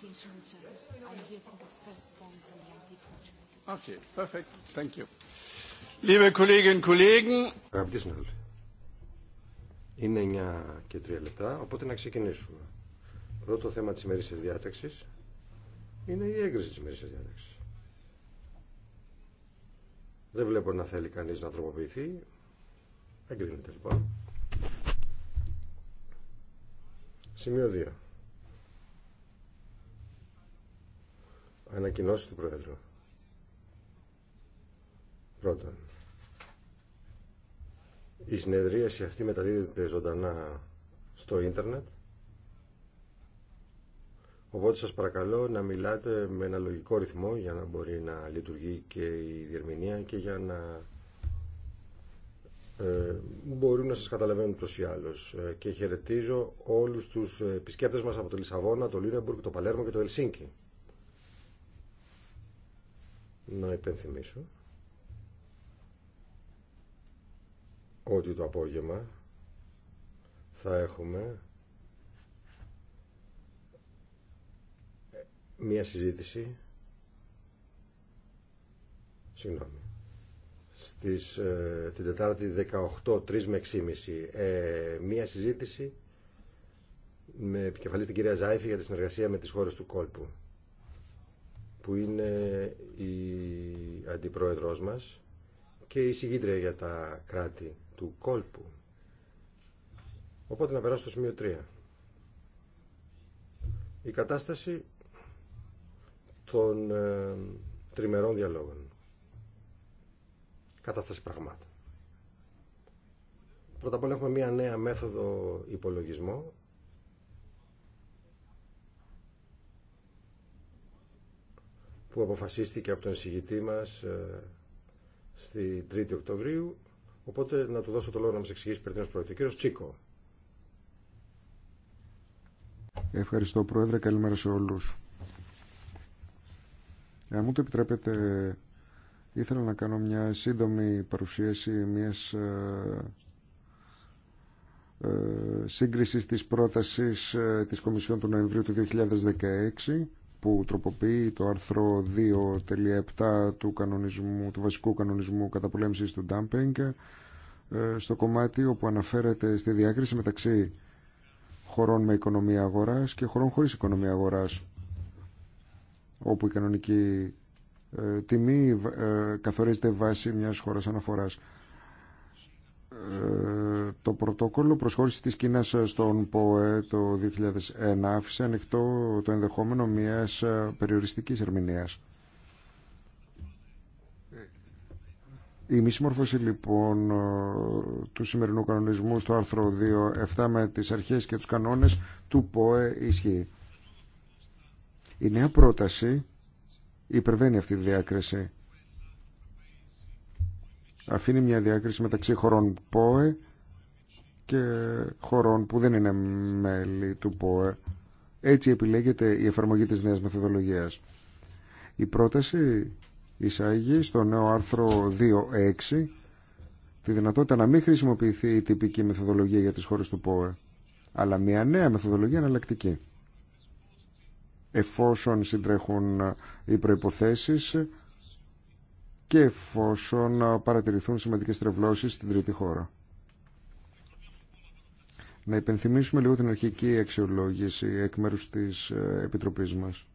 Policy Service. I'm for the first the Okay, Thank you. Liebe Kolleginnen Kollegen. Αγαπητοί συνάδελφοι, είναι 9 και 3 λεπτά, οπότε να ξεκινήσουμε. Πρώτο θέμα της ημερήσιας διάταξης είναι η έγκριση της ημερήσιας διάταξης. Δεν βλέπω να θέλει κανείς να τροποποιηθεί. Εγκρίνεται λοιπόν. Σημείο 2. Ανακοινώσεις του Πρόεδρου. Πρώτον, η συνεδρίαση αυτή μεταδίδεται ζωντανά στο ίντερνετ, οπότε σας παρακαλώ να μιλάτε με ένα λογικό ρυθμό για να μπορεί να λειτουργεί και η διερμηνία και για να ε, μπορούν να σας καταλαβαίνουν τόσοι ή ε, Και χαιρετίζω όλους τους επισκέπτες μας από το Λισαβόνα, το Λίνεμπουργκ, το Παλέρμο και το Ελσίνκι να υπενθυμίσω ότι το απόγευμα θα έχουμε μία συζήτηση συγγνώμη στις, ε, την Τετάρτη 18, 3 με 6.30 ε, μία συζήτηση με επικεφαλής την κυρία Ζάιφη για τη συνεργασία με τις χώρες του κόλπου που είναι η αντιπρόεδρός μας και η συγκίτρια για τα κράτη του κόλπου. Οπότε να περάσω στο σημείο 3. Η κατάσταση των ε, τριμερών διαλόγων. Κατάσταση πραγμάτων. Πρώτα απ' όλα έχουμε μία νέα μέθοδο υπολογισμού, που αποφασίστηκε από τον εισηγητή μας ε, στη 3η Οκτωβρίου. Οπότε να του δώσω το λόγο να μα εξηγήσει περί τίνος πρόκειται. Κύριος Τσίκο. Ευχαριστώ Πρόεδρε. Καλημέρα σε όλους. Αν μου το επιτρέπετε, ήθελα να κάνω μια σύντομη παρουσίαση μιας ε, ε, σύγκρισης της πρότασης της Κομισιόν του Νοεμβρίου του 2016 που τροποποιεί το άρθρο 2.7 του, κανονισμού, του βασικού κανονισμού καταπολέμησης του ντάμπινγκ ε, στο κομμάτι όπου αναφέρεται στη διάκριση μεταξύ χωρών με οικονομία αγοράς και χωρών χωρίς οικονομία αγοράς όπου η κανονική ε, τιμή ε, καθορίζεται βάση μιας χώρας αναφοράς. Ε, το πρωτόκολλο προσχώρηση της Κίνας στον ΠΟΕ το 2001 άφησε ανοιχτό το ενδεχόμενο μιας ε, περιοριστικής ερμηνείας. Η μη συμμορφώση λοιπόν ε, του σημερινού κανονισμού στο άρθρο 2.7 με τις αρχές και τους κανόνες του ΠΟΕ ισχύει. Η νέα πρόταση υπερβαίνει αυτή τη διάκριση αφήνει μια διάκριση μεταξύ χωρών ΠΟΕ και χωρών που δεν είναι μέλη του ΠΟΕ. Έτσι επιλέγεται η εφαρμογή της νέας μεθοδολογίας. Η πρόταση εισάγει στο νέο άρθρο 2.6 τη δυνατότητα να μην χρησιμοποιηθεί η τυπική μεθοδολογία για τις χώρες του ΠΟΕ, αλλά μια νέα μεθοδολογία εναλλακτική. Εφόσον συντρέχουν οι προϋποθέσεις και εφόσον παρατηρηθούν σημαντικές τρευλώσεις στην τρίτη χώρα. Να υπενθυμίσουμε λίγο την αρχική αξιολόγηση εκ μέρους της ε, Επιτροπής μας,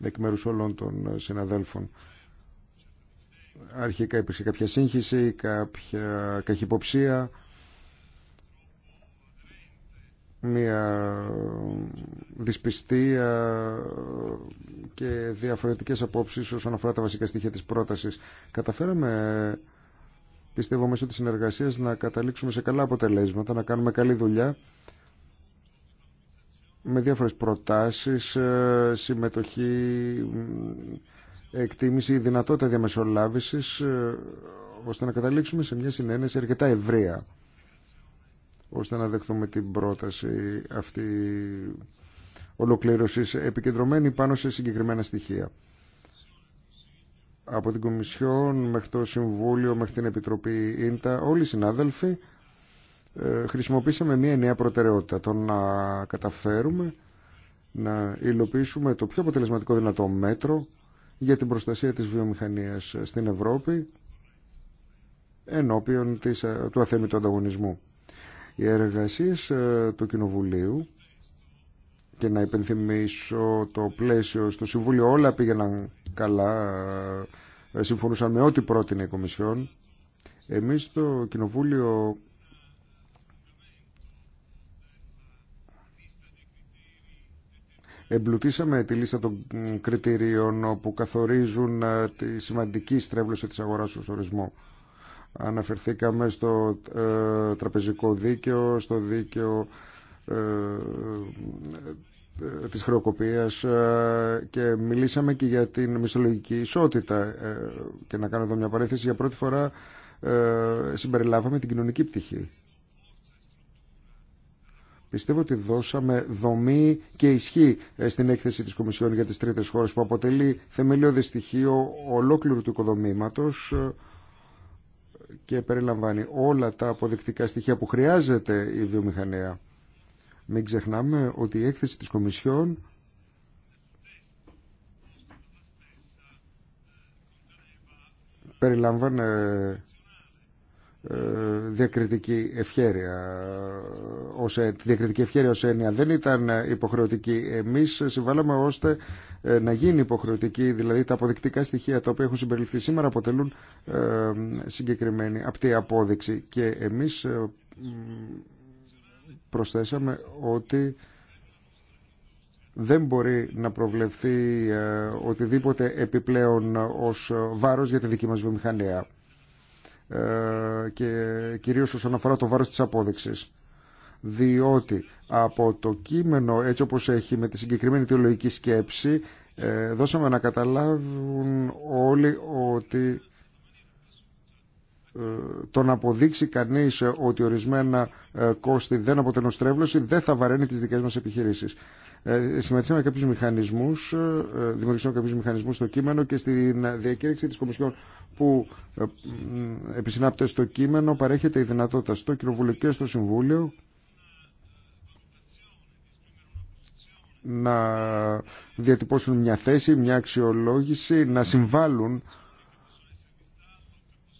εκ μέρους όλων των ε, συναδέλφων. Αρχικά υπήρξε κάποια σύγχυση, κάποια καχυποψία, μια δυσπιστία και διαφορετικές απόψεις όσον αφορά τα βασικά στοιχεία της πρότασης. Καταφέραμε, πιστεύω, μέσω της συνεργασίας να καταλήξουμε σε καλά αποτελέσματα, να κάνουμε καλή δουλειά με διάφορες προτάσεις, ε, συμμετοχή, εκτίμηση, δυνατότητα διαμεσολάβησης, ε, ώστε να καταλήξουμε σε μια συνένεση αρκετά ευρεία ώστε να δεχθούμε την πρόταση αυτή ολοκλήρωσης επικεντρωμένη πάνω σε συγκεκριμένα στοιχεία. Από την Κομισιόν μέχρι το Συμβούλιο, μέχρι την Επιτροπή ΙΝΤΑ, όλοι οι συνάδελφοι ε, χρησιμοποίησαμε μία νέα προτεραιότητα, το να καταφέρουμε να υλοποιήσουμε το πιο αποτελεσματικό δυνατό μέτρο για την προστασία της βιομηχανίας στην Ευρώπη ενώπιον της, ε, του αθέμητου ανταγωνισμού. Οι εργασίες ε, του Κοινοβουλίου και να υπενθυμίσω το πλαίσιο στο Συμβούλιο όλα πήγαιναν καλά, ε, συμφωνούσαν με ό,τι πρότεινε η Κομισιόν. Εμείς στο Κοινοβούλιο εμπλουτίσαμε τη λίστα των κριτηρίων που καθορίζουν ε, τη σημαντική στρέβλωση της αγοράς ως ορισμό. Αναφερθήκαμε στο ε, τραπεζικό δίκαιο, στο δίκαιο ε, ε, της χρεοκοπίας και μιλήσαμε και για την μισθολογική ισότητα. Και να κάνω εδώ μια παρέθεση, για πρώτη φορά συμπεριλάβαμε την κοινωνική πτυχή. Πιστεύω ότι δώσαμε δομή και ισχύ στην έκθεση της Κομισιόν για τις τρίτες χώρες που αποτελεί θεμελιώδη στοιχείο ολόκληρου του οικοδομήματος και περιλαμβάνει όλα τα αποδεικτικά στοιχεία που χρειάζεται η βιομηχανία. Μην ξεχνάμε ότι η έκθεση της Κομισιόν περιλάμβανε διακριτική ευχέρεια ως, τη διακριτική ευχέρεια ως έννοια δεν ήταν υποχρεωτική εμείς συμβάλαμε ώστε ε, να γίνει υποχρεωτική δηλαδή τα αποδεικτικά στοιχεία τα οποία έχουν συμπεριληφθεί σήμερα αποτελούν ε, συγκεκριμένη απτή απόδειξη και εμείς ε, προσθέσαμε ότι δεν μπορεί να προβλεφθεί οτιδήποτε επιπλέον ως βάρος για τη δική μας βιομηχανία ε, και κυρίως όσον αφορά το βάρος της απόδειξης. Διότι από το κείμενο έτσι όπως έχει με τη συγκεκριμένη θεολογική σκέψη ε, δώσαμε να καταλάβουν όλοι ότι ε, το να αποδείξει κανείς ότι ορισμένα κόστη δεν αποτελούν στρέβλωση δεν θα βαραίνει τις δικές μας επιχειρήσεις. Ε, Συμμετείχαμε κάποιου μηχανισμού, ε, δημιουργήσαμε κάποιου μηχανισμού στο κείμενο και στη διακήρυξη τη Κομισιόν που ε, επισυνάπτεται στο κείμενο παρέχεται η δυνατότητα στο Κοινοβούλιο και στο Συμβούλιο να διατυπώσουν μια θέση, μια αξιολόγηση, να συμβάλλουν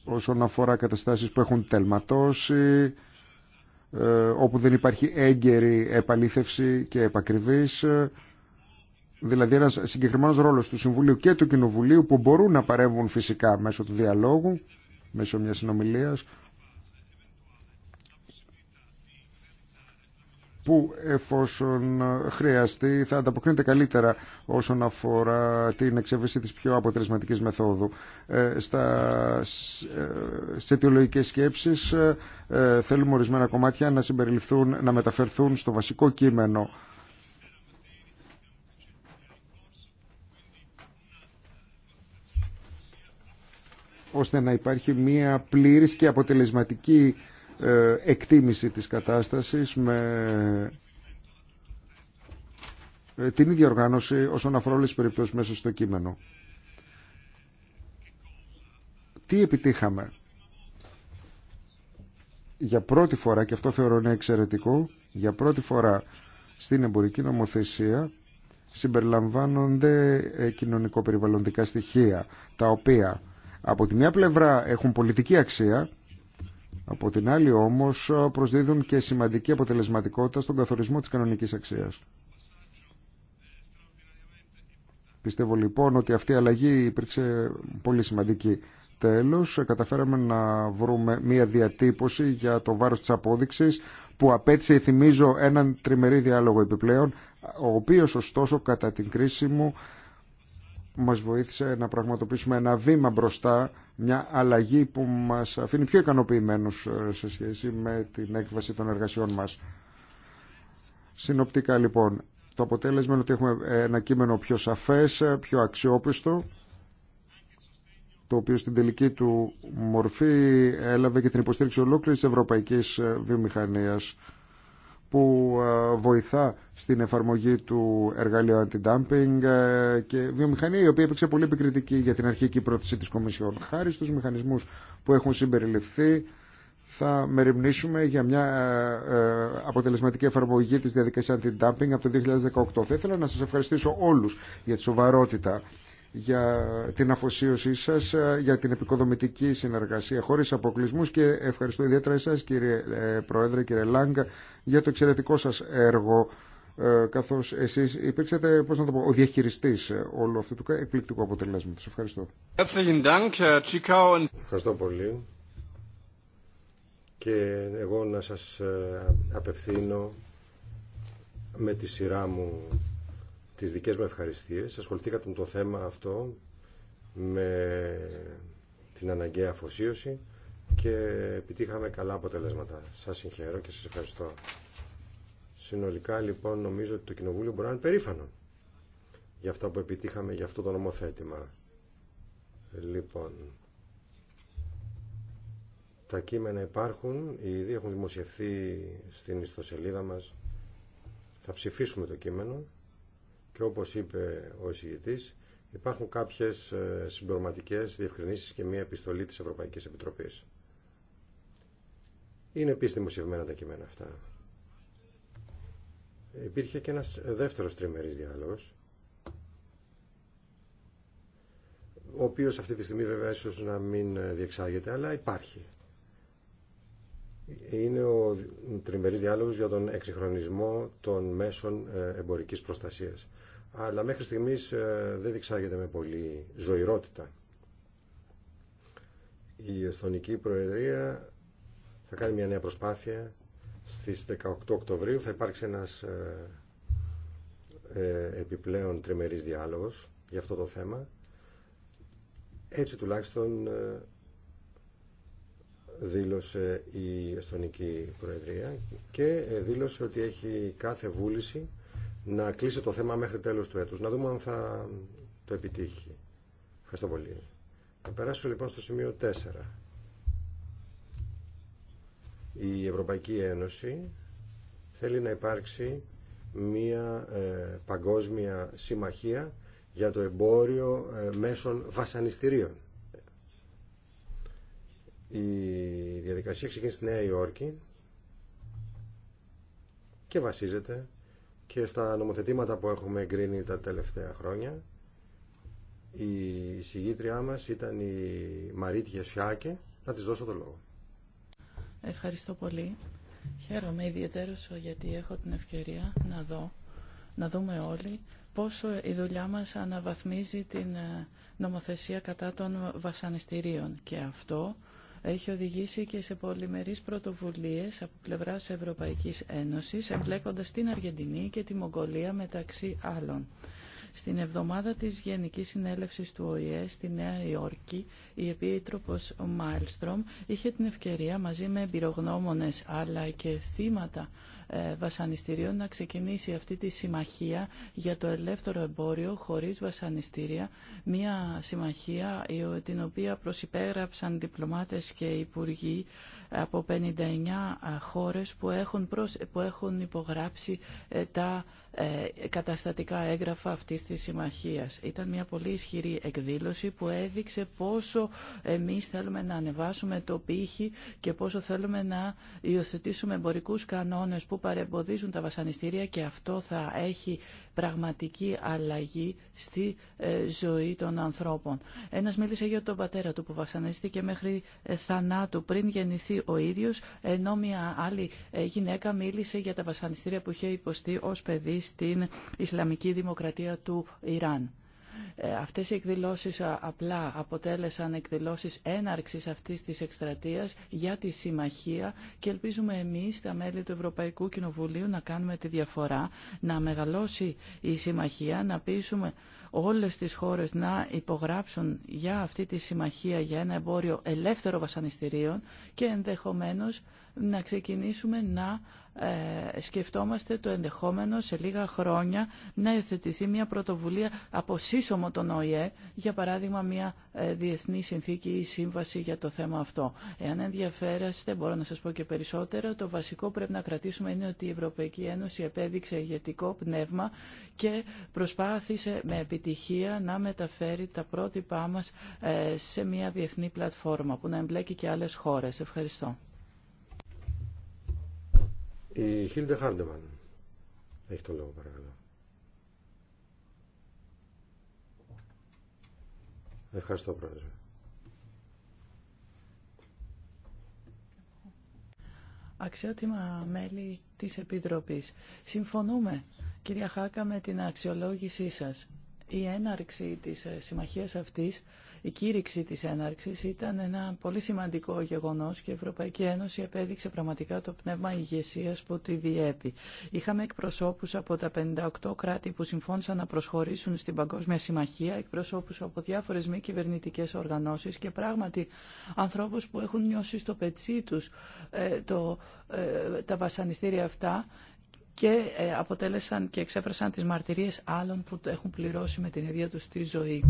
όσον αφορά καταστάσεις που έχουν τελματώσει, ε, όπου δεν υπάρχει έγκαιρη επαλήθευση και επακριβής ε, δηλαδή ένας συγκεκριμένος ρόλος του Συμβουλίου και του Κοινοβουλίου που μπορούν να παρέμβουν φυσικά μέσω του διαλόγου, μέσω μιας συνομιλίας που εφόσον ε, χρειαστεί θα ανταποκρίνεται καλύτερα όσον αφορά την εξέβεση της πιο αποτελεσματικής μεθόδου. Ε, στα ε, αιτιολογικές σκέψεις θέλουμε ορισμένα κομμάτια να συμπεριληφθούν, να μεταφερθούν στο βασικό κείμενο ώστε να υπάρχει μια πλήρης και αποτελεσματική ε, εκτίμηση της κατάστασης με ε, την ίδια οργάνωση όσον αφορά όλες τις περιπτώσεις μέσα στο κείμενο. Τι επιτύχαμε. Για πρώτη φορά, και αυτό θεωρώ είναι εξαιρετικό, για πρώτη φορά στην εμπορική νομοθεσία συμπεριλαμβάνονται ε, κοινωνικο-περιβαλλοντικά στοιχεία, τα οποία από τη μια πλευρά έχουν πολιτική αξία, από την άλλη όμως ε, προσδίδουν και σημαντική αποτελεσματικότητα στον καθορισμό της κανονικής αξίας. Πιστεύω λοιπόν ότι αυτή η αλλαγή υπήρξε πολύ σημαντική. Τέλος, ε, καταφέραμε να βρούμε μία διατύπωση για το βάρος της απόδειξης που απέτυχε, θυμίζω, έναν τριμερή διάλογο επιπλέον, ο οποίος ωστόσο κατά την κρίση μου μας βοήθησε να πραγματοποιήσουμε ένα βήμα μπροστά, μια αλλαγή που μας αφήνει πιο ικανοποιημένους ε, σε σχέση με την έκβαση των εργασιών μας. Συνοπτικά λοιπόν, το αποτέλεσμα είναι ότι έχουμε ε, ένα κείμενο πιο σαφές, ε, πιο αξιόπιστο, το οποίο στην τελική του μορφή έλαβε και την υποστήριξη ολόκληρης της ευρωπαϊκής βιομηχανίας που ε, βοηθά στην εφαρμογή του εργαλείου αντι-dumping ε, και βιομηχανία η οποία έπαιξε πολύ επικριτική για την αρχική πρόθεση της Κομισιόν. Χάρη στους μηχανισμούς που έχουν συμπεριληφθεί θα μεριμνήσουμε για μια ε, αποτελεσματική εφαρμογή της διαδικασίας αντι-dumping από το 2018. Θα ήθελα να σας ευχαριστήσω όλους για τη σοβαρότητα για την αφοσίωσή σας, ε, για την επικοδομητική συνεργασία χωρίς αποκλεισμούς και ευχαριστώ ιδιαίτερα εσάς κύριε ε, Πρόεδρε, κύριε Λάγκα, για το εξαιρετικό σας έργο ε, καθώς εσείς υπήρξατε, πώς να το πω, ο διαχειριστής όλου αυτού του εκπληκτικού αποτελέσματος. Ευχαριστώ. Ευχαριστώ πολύ. Και εγώ να σας απευθύνω με τη σειρά μου τις δικές μου ευχαριστίες. Ασχοληθήκατε με το θέμα αυτό με την αναγκαία αφοσίωση και επιτύχαμε καλά αποτελέσματα. Σας συγχαίρω και σας ευχαριστώ. Συνολικά λοιπόν νομίζω ότι το Κοινοβούλιο μπορεί να είναι περήφανο για αυτά που επιτύχαμε για αυτό το νομοθέτημα. Λοιπόν, τα κείμενα υπάρχουν, ήδη έχουν δημοσιευθεί στην ιστοσελίδα μας. Θα ψηφίσουμε το κείμενο και όπως είπε ο εισηγητής υπάρχουν κάποιες ε, συμπληρωματικές διευκρινήσεις και μια επιστολή της Ευρωπαϊκής Επιτροπής. Είναι επίσης δημοσιευμένα τα κείμενα αυτά. Υπήρχε και ένας δεύτερος τριμερής διάλογος ο οποίος αυτή τη στιγμή βέβαια ίσως να μην ε, διεξάγεται αλλά υπάρχει. Είναι ο τριμερής διάλογος για τον εξυγχρονισμό των μέσων ε, εμπορικής προστασίας αλλά μέχρι στιγμής ε, δεν διεξάγεται με πολύ ζωηρότητα. Η Εσθονική Προεδρία θα κάνει μια νέα προσπάθεια στις 18 Οκτωβρίου θα υπάρξει ένας ε, ε, επιπλέον τριμερής διάλογος για αυτό το θέμα έτσι τουλάχιστον δήλωσε η Εστονική Προεδρία και δήλωσε ότι έχει κάθε βούληση να κλείσει το θέμα μέχρι τέλος του έτους. Να δούμε αν θα το επιτύχει. Ευχαριστώ πολύ. Θα περάσω λοιπόν στο σημείο 4. Η Ευρωπαϊκή Ένωση θέλει να υπάρξει μια ε, παγκόσμια συμμαχία για το εμπόριο ε, μέσων βασανιστήριων. Η διαδικασία ξεκίνησε στη Νέα Υόρκη και βασίζεται και στα νομοθετήματα που έχουμε εγκρίνει τα τελευταία χρόνια. Η συγγήτριά μας ήταν η Μαρίτ Σιάκη. Να της δώσω το λόγο. Ευχαριστώ πολύ. Χαίρομαι ιδιαίτερως γιατί έχω την ευκαιρία να δω, να δούμε όλοι πόσο η δουλειά μας αναβαθμίζει την ε, νομοθεσία κατά των βασανιστήριων. Και αυτό έχει οδηγήσει και σε πολυμερείς πρωτοβουλίες από πλευράς Ευρωπαϊκής Ένωσης, εμπλέκοντας την Αργεντινή και τη Μογγολία μεταξύ άλλων. Στην εβδομάδα της Γενικής Συνέλευσης του ΟΗΕ στη Νέα Υόρκη, η Επίτροπος Μάλστρομ είχε την ευκαιρία μαζί με εμπειρογνώμονες αλλά και θύματα ε, βασανιστήριων να ξεκινήσει αυτή τη συμμαχία για το ελεύθερο εμπόριο χωρίς βασανιστήρια, μια συμμαχία την οποία θέλουμε να διπλωμάτες και υπουργοί από 59 ε, χώρες που έχουν, που έχουν υπογράψει ε, τα καταστατικά έγγραφα αυτής της συμμαχίας. Ήταν μια πολύ ισχυρή εκδήλωση που έδειξε πόσο εμείς θέλουμε να ανεβάσουμε το πύχη και πόσο θέλουμε να υιοθετήσουμε εμπορικούς κανόνες που που παρεμποδίζουν τα βασανιστήρια και αυτό θα έχει πραγματική αλλαγή στη ε, ζωή των ανθρώπων. Ένας μίλησε για τον πατέρα του που βασανίστηκε μέχρι ε, θανάτου πριν γεννηθεί ο ίδιος, ενώ μια άλλη ε, γυναίκα μίλησε για τα βασανιστήρια που είχε υποστεί ως παιδί στην Ισλαμική Δημοκρατία του Ιράν. Ε, αυτές οι εκδηλώσεις απλά αποτέλεσαν εκδηλώσεις έναρξης αυτής της εκστρατείας για τη συμμαχία και ελπίζουμε εμείς τα μέλη του Ευρωπαϊκού Κοινοβουλίου να κάνουμε τη διαφορά, να μεγαλώσει η συμμαχία, να πείσουμε όλες τις χώρες να υπογράψουν για αυτή τη συμμαχία για ένα εμπόριο ελεύθερο βασανιστήριων και ενδεχομένως να ξεκινήσουμε να ε, σκεφτόμαστε το ενδεχόμενο σε λίγα χρόνια να υιοθετηθεί μια πρωτοβουλία από σύσσωμο των ΟΗΕ, για παράδειγμα μια ε, διεθνή συνθήκη ή σύμβαση για το θέμα αυτό. Εάν ενδιαφέρεστε, μπορώ να σας πω και περισσότερο, το βασικό πρέπει να κρατήσουμε είναι ότι η Ευρωπαϊκή Ένωση επέδειξε ηγετικό πνεύμα και προσπάθησε με επιτυχία να μεταφέρει τα πρότυπά μας ε, σε μια διεθνή πλατφόρμα που να εμπλέκει και άλλες χώρες. Ευχαριστώ. Η Χίλντε Χάρντεμαν. Έχει το λόγο παρακαλώ. Ευχαριστώ πρόεδρε. Αξιότιμα μέλη της Επιτροπής. Συμφωνούμε, κυρία Χάκα, με την αξιολόγησή σας η έναρξη της ε, συμμαχίας αυτής, η κήρυξη της έναρξης ήταν ένα πολύ σημαντικό γεγονός και η Ευρωπαϊκή Ένωση επέδειξε πραγματικά το πνεύμα ηγεσία που τη διέπει. Είχαμε εκπροσώπους από τα 58 κράτη που συμφώνησαν να προσχωρήσουν στην Παγκόσμια Συμμαχία, εκπροσώπους από διάφορες μη κυβερνητικέ οργανώσεις και πράγματι ανθρώπους που έχουν νιώσει στο πετσί τους ε, το, ε, τα βασανιστήρια αυτά και ε, αποτέλεσαν και εξέφρασαν τις μαρτυρίες άλλων που έχουν πληρώσει με την ίδια τους τη ζωή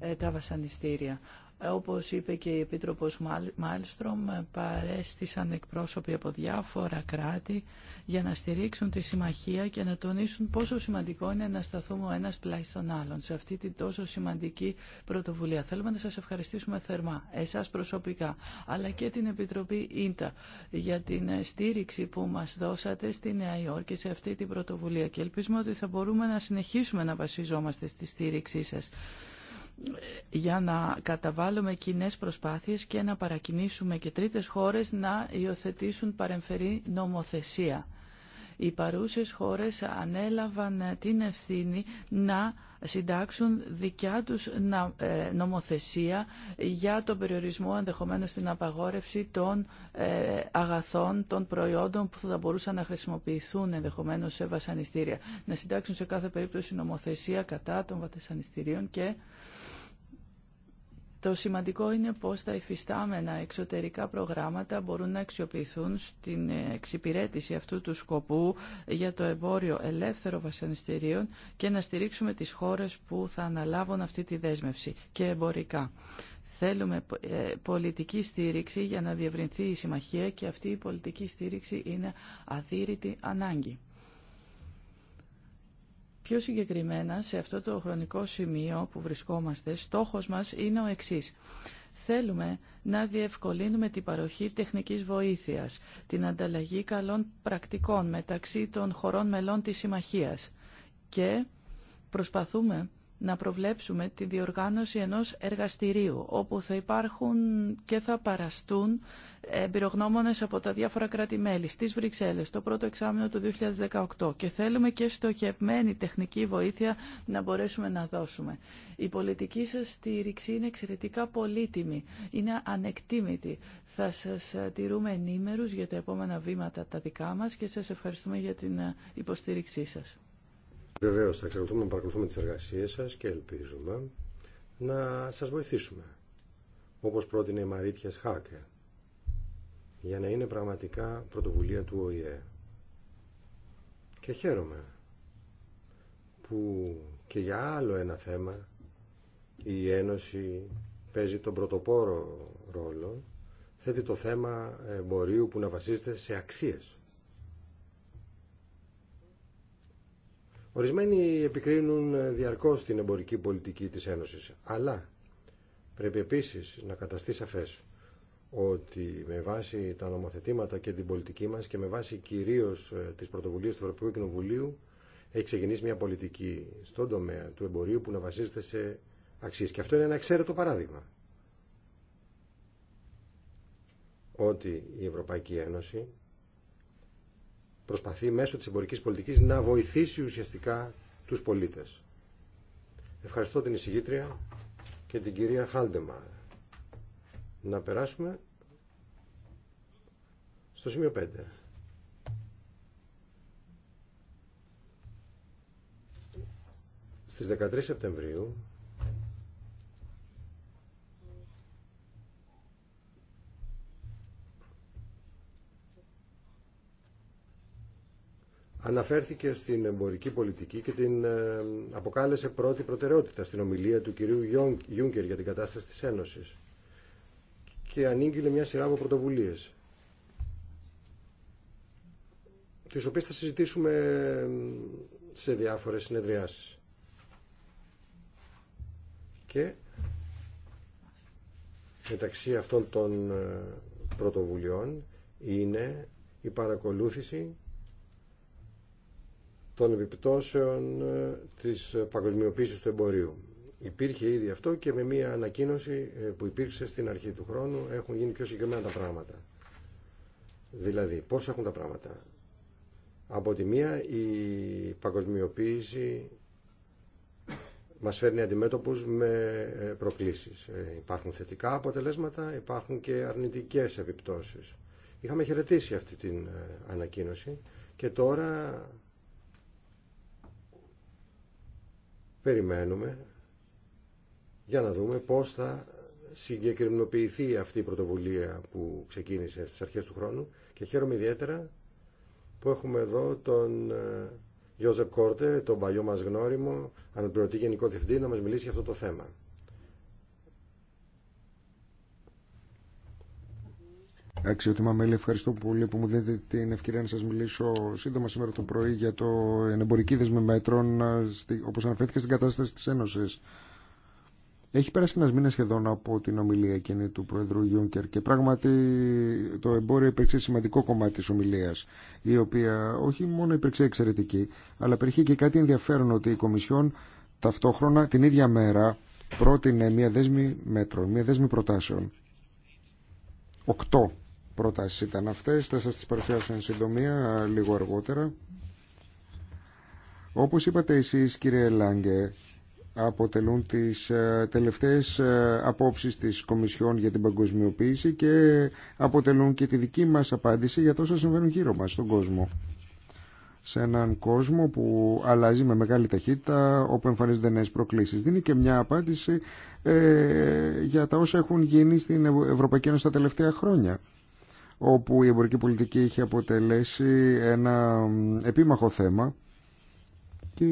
ε, τα βασανιστήρια. Ε, όπως είπε και η Επίτροπος Μάλστρομ, ε, παρέστησαν εκπρόσωποι από διάφορα κράτη για να στηρίξουν τη συμμαχία και να τονίσουν πόσο σημαντικό είναι να σταθούμε ο ένας πλάι στον άλλον σε αυτή την τόσο σημαντική πρωτοβουλία. Θέλουμε να σας ευχαριστήσουμε θερμά, εσάς προσωπικά, αλλά και την Επιτροπή Ίντα για την στήριξη που μας δώσατε στη Νέα Υόρκη σε αυτή την πρωτοβουλία και ελπίζουμε ότι θα μπορούμε να συνεχίσουμε να βασιζόμαστε στη στήριξή σας για να καταβάλουμε κοινέ προσπάθειες και να παρακινήσουμε και τρίτες χώρες να υιοθετήσουν παρεμφερή νομοθεσία. Οι παρούσες χώρες ανέλαβαν την ευθύνη να συντάξουν δικιά τους ε, νομοθεσία για τον περιορισμό ενδεχομένως στην απαγόρευση των ε, αγαθών, των προϊόντων που θα μπορούσαν να χρησιμοποιηθούν ενδεχομένως σε βασανιστήρια. Να συντάξουν σε κάθε περίπτωση νομοθεσία κατά των βασανιστήριων και το σημαντικό είναι πώς τα υφιστάμενα εξωτερικά προγράμματα μπορούν να αξιοποιηθούν στην εξυπηρέτηση αυτού του σκοπού για το εμπόριο ελεύθερο βασανιστήριων και να στηρίξουμε τις χώρες που θα αναλάβουν αυτή τη δέσμευση και εμπορικά. Θέλουμε ε, πολιτική στήριξη για να διευρυνθεί η συμμαχία και αυτή η πολιτική στήριξη είναι αδύρυτη ανάγκη. Πιο συγκεκριμένα, σε αυτό το χρονικό σημείο που βρισκόμαστε, στόχος μας είναι ο εξής. Θέλουμε να διευκολύνουμε την παροχή τεχνικής βοήθειας, την ανταλλαγή καλών πρακτικών μεταξύ των χωρών μελών της Συμμαχίας και προσπαθούμε να προβλέψουμε τη διοργάνωση ενός εργαστηρίου όπου θα υπάρχουν και θα παραστούν εμπειρογνώμονες από τα διάφορα κράτη-μέλη στις Βρυξέλλες το πρώτο εξάμεινο του 2018 και θέλουμε και στοχευμένη τεχνική βοήθεια να μπορέσουμε να δώσουμε. Η πολιτική σας στήριξη είναι εξαιρετικά πολύτιμη, είναι ανεκτήμητη. Θα σας τηρούμε ενήμερους για τα επόμενα βήματα τα δικά μας και σας ευχαριστούμε για την υποστήριξή σας. Βεβαίω θα εξακολουθούμε να παρακολουθούμε τι εργασίε σα και ελπίζουμε να σα βοηθήσουμε. Όπω πρότεινε η Μαρίτια Σχάκε για να είναι πραγματικά πρωτοβουλία του ΟΗΕ. Και χαίρομαι που και για άλλο ένα θέμα η Ένωση παίζει τον πρωτοπόρο ρόλο, θέτει το θέμα εμπορίου που να βασίζεται σε αξίες. Ορισμένοι επικρίνουν διαρκώς την εμπορική πολιτική της Ένωσης, αλλά πρέπει επίσης να καταστεί σαφές ότι με βάση τα νομοθετήματα και την πολιτική μας και με βάση κυρίως ε, τις πρωτοβουλίες του Ευρωπαϊκού Κοινοβουλίου έχει ξεκινήσει μια πολιτική στον τομέα του εμπορίου που να βασίζεται σε αξίες. Και αυτό είναι ένα εξαίρετο παράδειγμα. Ότι η Ευρωπαϊκή Ένωση προσπαθεί μέσω της εμπορικής πολιτικής να βοηθήσει ουσιαστικά τους πολίτες. Ευχαριστώ την εισηγήτρια και την κυρία Χάλντεμα. Να περάσουμε στο σημείο 5. Στις 13 Σεπτεμβρίου αναφέρθηκε στην εμπορική πολιτική και την ε, αποκάλεσε πρώτη προτεραιότητα στην ομιλία του κυρίου Γιούγκερ για την κατάσταση της Ένωσης και ανήγγειλε μια σειρά από πρωτοβουλίες τις οποίες θα συζητήσουμε ε, σε διάφορες συνεδριάσεις. Και μεταξύ αυτών των ε, πρωτοβουλειών είναι η παρακολούθηση των επιπτώσεων ε, της παγκοσμιοποίησης του εμπορίου. Υπήρχε ήδη αυτό και με μια ανακοίνωση ε, που υπήρξε στην αρχή του χρόνου έχουν γίνει πιο συγκεκριμένα τα πράγματα. Δηλαδή, πώς έχουν τα πράγματα. Από τη μία η παγκοσμιοποίηση μας φέρνει αντιμέτωπους με ε, προκλήσεις. Υπάρχουν θετικά αποτελέσματα, υπάρχουν και αρνητικές επιπτώσεις. Είχαμε χαιρετήσει αυτή την ανακοίνωση και τώρα περιμένουμε για να δούμε πώς θα συγκεκριμενοποιηθεί αυτή η πρωτοβουλία που ξεκίνησε στις αρχές του χρόνου και χαίρομαι ιδιαίτερα που έχουμε εδώ τον Ιώζεπ Κόρτε, τον παλιό μας γνώριμο, αναπληρωτή Γενικό Διευθυντή, να μας μιλήσει για αυτό το θέμα. Αξιότιμα μέλη, ευχαριστώ πολύ που μου δίνετε την ευκαιρία να σα μιλήσω σύντομα σήμερα το πρωί για το ενεμπορική δεσμη μέτρων, ε, όπω αναφέρθηκε στην κατάσταση τη Ένωση. Έχει πέρασει ένα μήνα σχεδόν από την ομιλία εκείνη του Πρόεδρου Γιούνκερ και πράγματι το εμπόριο υπήρξε σημαντικό κομμάτι τη ομιλία, η οποία όχι μόνο υπήρξε εξαιρετική, αλλά υπήρχε και κάτι ενδιαφέρον ότι η Κομισιόν ταυτόχρονα την ίδια μέρα πρότεινε μία δέσμη μέτρων, μία δέσμη προτάσεων. Οκτώ προτάσεις ήταν αυτές. Θα σα τι παρουσιάσω εν συντομία λίγο αργότερα. Όπως είπατε εσείς κύριε Λάγκε, αποτελούν τις ε, τελευταίες ε, απόψει της Κομισιόν για την παγκοσμιοποίηση και αποτελούν και τη δική μα απάντηση για τόσα συμβαίνουν γύρω μας στον κόσμο. Σε έναν κόσμο που αλλάζει με μεγάλη ταχύτητα, όπου εμφανίζονται νέες προκλήσεις. Δίνει και μια απάντηση ε, για τα όσα έχουν γίνει στην Ευρωπαϊκή Ένωση τα τελευταία χρόνια όπου η εμπορική πολιτική είχε αποτελέσει ένα επίμαχο θέμα και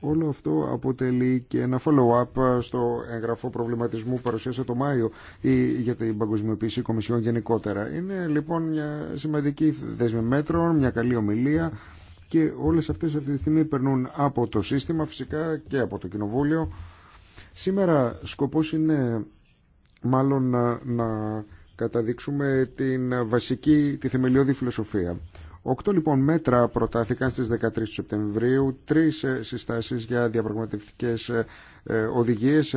όλο αυτό αποτελεί και ένα follow-up στο εγγραφό προβληματισμού που παρουσίασε το Μάιο ή για την παγκοσμιοποίηση κομισιών γενικότερα. Είναι λοιπόν μια σημαντική δέσμη μέτρων, μια καλή ομιλία και όλες αυτές αυτή τη στιγμή περνούν από το σύστημα φυσικά και από το κοινοβούλιο. Σήμερα σκοπός είναι μάλλον να καταδείξουμε την βασική, τη θεμελιώδη φιλοσοφία. Οκτώ λοιπόν μέτρα προτάθηκαν στις 13 Σεπτεμβρίου, τρεις ε, συστάσεις για διαπραγματευτικές ε, ε, οδηγίες,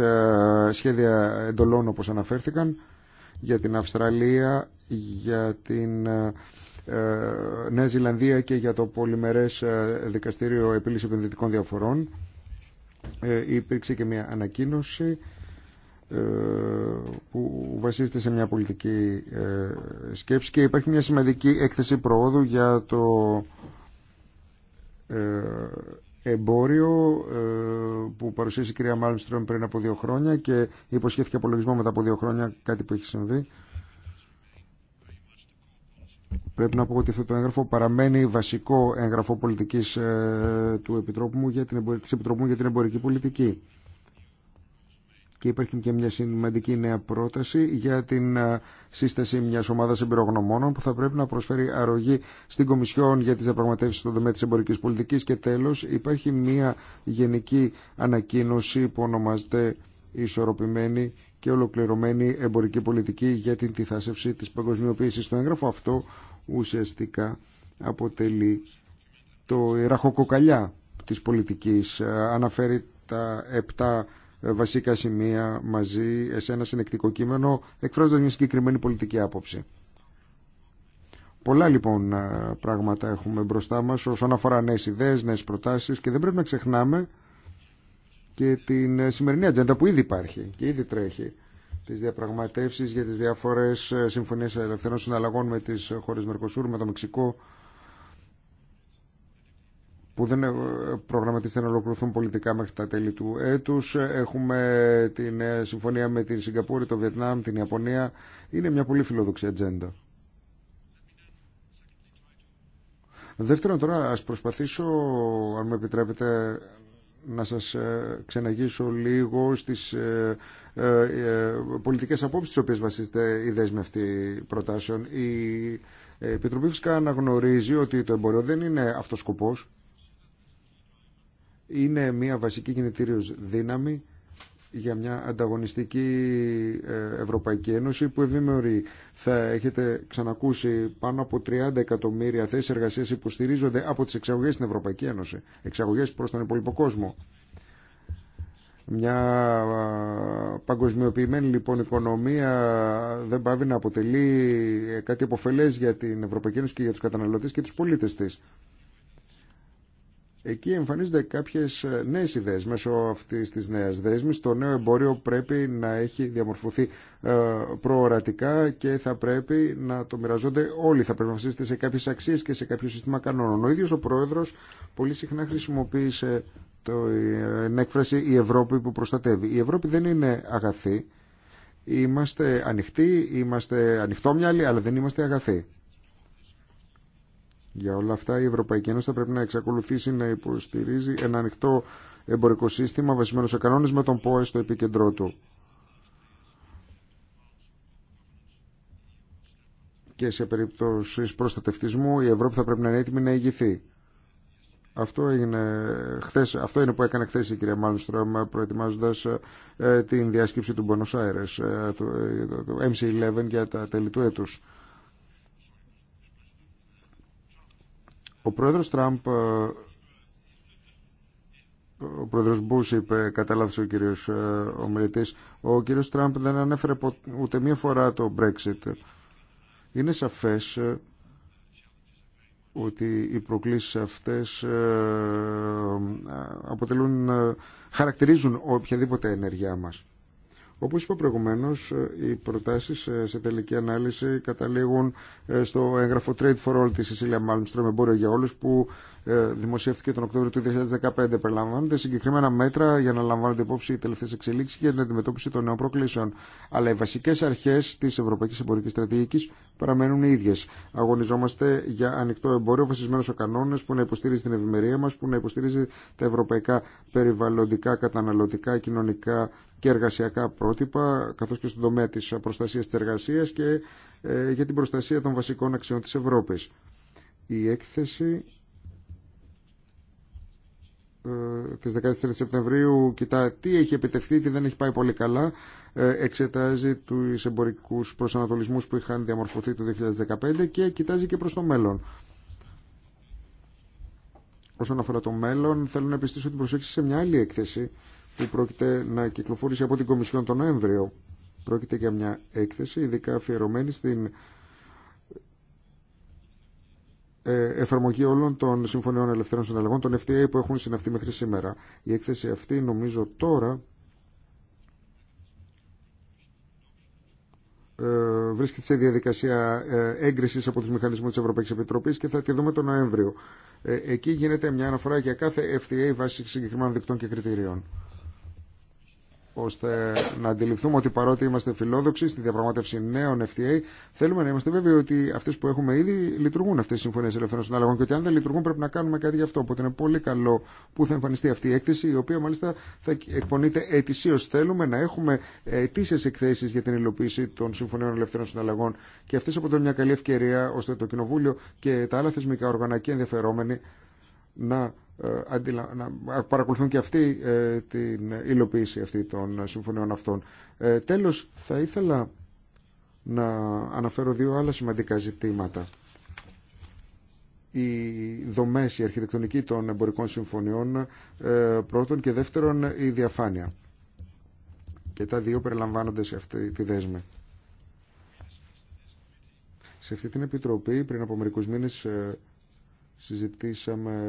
σχέδια εντολών όπως αναφέρθηκαν, για την Αυστραλία, για την Νέα Ζηλανδία και για το Πολυμερές Δικαστήριο Επίλυση Επενδυτικών Διαφορών. Υπήρξε και μια ανακοίνωση ε, που βασίζεται σε μια πολιτική ε, σκέψη και υπάρχει μια σημαντική έκθεση προόδου για το ε, εμπόριο που παρουσίασε η κυρία Μάλμστρομ πριν από δύο χρόνια και υποσχέθηκε απολογισμό μετά από δύο χρόνια κάτι που έχει συμβεί. Πρέπει να πω ότι αυτό το έγγραφο παραμένει βασικό έγγραφο πολιτικής του Επιτρόπου μου για της Επιτρόπου μου για την εμπορική πολιτική και υπάρχει και μια σημαντική νέα πρόταση για την ε, σύσταση μια ομάδα εμπειρογνωμόνων που θα πρέπει να προσφέρει αρρωγή στην Κομισιόν για τι διαπραγματεύσει στον τομέα τη εμπορική πολιτική. Και τέλο, υπάρχει μια γενική ανακοίνωση που ονομάζεται ισορροπημένη και ολοκληρωμένη εμπορική πολιτική για την Τιθάσευση της παγκοσμιοποίηση Το έγγραφο αυτό ουσιαστικά αποτελεί το ραχοκοκαλιά της πολιτικής. Ε, αναφέρει τα επτά ε, βασικά σημεία μαζί σε ένα συνεκτικό κείμενο εκφράζοντας μια συγκεκριμένη πολιτική άποψη. Πολλά λοιπόν ε, πράγματα έχουμε μπροστά μας όσον αφορά νέες ιδέες, νέες προτάσεις και δεν πρέπει να ξεχνάμε και την ε, σημερινή ατζέντα που ήδη υπάρχει και ήδη τρέχει τις διαπραγματεύσεις για τις διάφορες συμφωνίες ελευθερών συναλλαγών με τις χώρες Μερκοσούρ, με το Μεξικό, που δεν ε, προγραμματίζεται να ολοκληρωθούν πολιτικά μέχρι τα τέλη του έτους. Έχουμε την ε, συμφωνία με την Σιγκαπούρη, το Βιετνάμ, την Ιαπωνία. Είναι μια πολύ φιλόδοξη ατζέντα. Δεύτερον τώρα ας προσπαθήσω, αν μου επιτρέπετε, να σας ε, ξεναγήσω λίγο στις ε, ε, πολιτικές απόψεις στις οποίες βασίζεται η δέσμευτη προτάσεων. Η Επιτροπή φυσικά αναγνωρίζει ότι το εμπόριο δεν είναι αυτός σκοπός είναι μια βασική κινητήριο δύναμη για μια ανταγωνιστική ε, Ευρωπαϊκή Ένωση που ευημερεί. Θα έχετε ξανακούσει πάνω από 30 εκατομμύρια θέσεις εργασίας υποστηρίζονται από τις εξαγωγές στην Ευρωπαϊκή Ένωση. Εξαγωγές προς τον υπόλοιπο κόσμο. Μια παγκοσμιοποιημένη λοιπόν οικονομία δεν πάβει να αποτελεί κάτι αποφελές για την Ευρωπαϊκή Ένωση και για τους καταναλωτές και τους πολίτες της. Εκεί εμφανίζονται κάποιες ε, νέες ιδέες μέσω αυτής της νέας δέσμης. Το νέο εμπόριο πρέπει να έχει διαμορφωθεί ε, προορατικά και θα πρέπει να το μοιραζόνται όλοι. Θα πρέπει να βασίζεται σε κάποιες αξίες και σε κάποιο σύστημα κανόνων. Ο ίδιος ο πρόεδρος πολύ συχνά χρησιμοποίησε ε, την έκφραση «η Ευρώπη που προστατεύει». Η Ευρώπη δεν είναι αγαθή. Είμαστε ανοιχτοί, είμαστε ανοιχτόμυαλοι, αλλά δεν είμαστε αγαθοί. Για όλα αυτά η Ευρωπαϊκή Ένωση θα πρέπει να εξακολουθήσει να υποστηρίζει ένα ανοιχτό εμπορικό σύστημα βασισμένο σε κανόνες με τον ΠΟΕ στο επίκεντρό του. Και σε περίπτωση προστατευτισμού η Ευρώπη θα πρέπει να είναι έτοιμη να ηγηθεί. Αυτό, έγινε χθες, αυτό είναι που έκανε χθε η κυρία Μάλνστρομ προετοιμάζοντα ε, την διάσκεψη του Μπονοσάιρε, του, ε, MC11 για τα τέλη του έτου. Ο πρόεδρος Τραμπ, ε, ο πρόεδρος Μπούς είπε, κατάλαβε ο κύριος ε, ομιλητής, ο κύριος Τραμπ δεν ανέφερε ούτε μία φορά το Brexit. Είναι σαφές ε, ότι οι προκλήσεις αυτές αποτελούν, χαρακτηρίζουν οποιαδήποτε ενέργειά μας. Όπως είπα προηγουμένως, ε, οι προτάσεις ε, σε τελική ανάλυση καταλήγουν ε, στο έγγραφο Trade for All της Σισίλια Μάλμστρομ, εμπόριο για όλους, που ε, δημοσιεύτηκε τον Οκτώβριο του 2015. Περιλαμβάνονται συγκεκριμένα μέτρα για να λαμβάνονται υπόψη οι τελευταίε εξελίξει και την αντιμετώπιση των νέων προκλήσεων. Αλλά οι βασικέ αρχέ τη Ευρωπαϊκή Εμπορική Στρατηγική παραμένουν οι ίδιε. Αγωνιζόμαστε για ανοιχτό εμπόριο βασισμένο σε κανόνε που να υποστηρίζει την ευημερία μα, που να υποστηρίζει τα ευρωπαϊκά περιβαλλοντικά, καταναλωτικά, κοινωνικά και εργασιακά πρότυπα, καθώ και στον τομέα τη προστασία τη εργασία και ε, για την προστασία των βασικών αξιών τη Ευρώπη. Η έκθεση ε, της 14 Σεπτεμβρίου κοιτά τι έχει επιτευχθεί, τι δεν έχει πάει πολύ καλά ε, εξετάζει τους εμπορικούς προσανατολισμούς που είχαν διαμορφωθεί το 2015 και κοιτάζει και προς το μέλλον. Όσον αφορά το μέλλον, θέλω να επιστήσω την προσέξη σε μια άλλη έκθεση που πρόκειται να κυκλοφορήσει από την Κομισιόν τον Νοέμβριο. Πρόκειται για μια έκθεση ειδικά αφιερωμένη στην ε, εφαρμογή όλων των συμφωνιών ελευθερών συναλλαγών, των FTA που έχουν συναυθεί μέχρι σήμερα. Η έκθεση αυτή νομίζω τώρα ε, βρίσκεται σε διαδικασία ε, έγκρισης από τους μηχανισμούς της Ευρωπαϊκής Επιτροπής και θα τη δούμε τον Νοέμβριο. Εκεί γίνεται μια αναφορά για κάθε FTA βάσει συγκεκριμένων δικτών και κριτηρίων ώστε να αντιληφθούμε ότι παρότι είμαστε φιλόδοξοι στη διαπραγμάτευση νέων FTA, θέλουμε να είμαστε βέβαιοι ότι αυτέ που έχουμε ήδη λειτουργούν αυτέ οι συμφωνίε ελευθερών συναλλαγών και ότι αν δεν λειτουργούν πρέπει να κάνουμε κάτι γι' αυτό. Οπότε είναι πολύ καλό που θα εμφανιστεί αυτή η έκθεση, η οποία μάλιστα θα εκπονείται ετησίω. Θέλουμε να έχουμε ετήσιε εκθέσει για την υλοποίηση των συμφωνίων ελευθερών συναλλαγών και αυτέ αποτελούν μια καλή ευκαιρία ώστε το Κοινοβούλιο και τα άλλα θεσμικά όργανα και ενδιαφερόμενοι να ε, να παρακολουθούν και αυτοί ε, την υλοποίηση αυτή των συμφωνιών αυτών. Ε, τέλος, θα ήθελα να αναφέρω δύο άλλα σημαντικά ζητήματα. Οι δομές, η αρχιτεκτονική των εμπορικών συμφωνιών πρώτον και δεύτερον η διαφάνεια. Και τα δύο περιλαμβάνονται σε αυτή τη δέσμη. Σε αυτή την επιτροπή πριν από μερικούς μήνες συζητήσαμε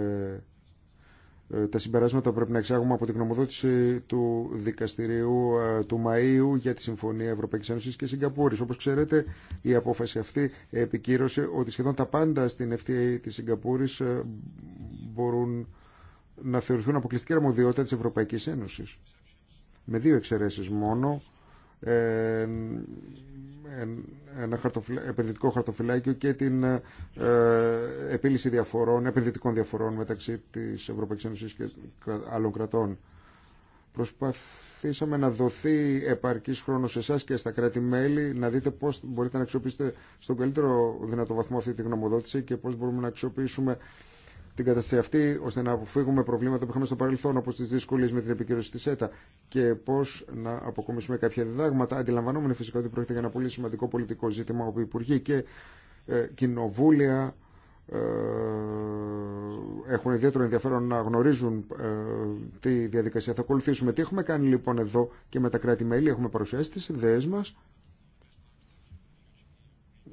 ε, τα συμπεράσματα πρέπει να εξάγουμε από την γνωμοδότηση του δικαστηρίου ε, του Μαΐου για τη Συμφωνία Ευρωπαϊκής Ένωσης και Σιγκαπούρης. Όπως ξέρετε, η απόφαση αυτή επικύρωσε ότι σχεδόν τα πάντα στην FTA της Σιγκαπούρης ε, μπορούν να θεωρηθούν αποκλειστική αρμοδιότητα της Ευρωπαϊκής Ένωσης. Με δύο εξαιρέσεις μόνο. ε, ένα επενδυτικό χαρτοφυλάκιο και την ε, επίλυση διαφορών, επενδυτικών διαφορών μεταξύ της Ευρωπαϊκής Ένωσης και άλλων κρατών. Προσπαθήσαμε να δοθεί επαρκής χρόνος σε εσά και στα κράτη-μέλη να δείτε πώς μπορείτε να αξιοποιήσετε στον καλύτερο δυνατό βαθμό αυτή τη γνωμοδότηση και πώς μπορούμε να αξιοποιήσουμε την κατάσταση αυτή ώστε να αποφύγουμε προβλήματα που είχαμε στο παρελθόν όπως τις δυσκολίες με την επικύρωση της ΕΤΑ και πώς να αποκομίσουμε κάποια διδάγματα. Αντιλαμβανόμενοι φυσικά ότι πρόκειται για ένα πολύ σημαντικό πολιτικό ζήτημα όπου οι υπουργοί και ε, κοινοβούλια ε, έχουν ιδιαίτερο ενδιαφέρον να γνωρίζουν ε, τη διαδικασία θα ακολουθήσουμε. Τι έχουμε κάνει λοιπόν εδώ και με τα κράτη-μέλη, έχουμε παρουσιάσει τι ιδέε μα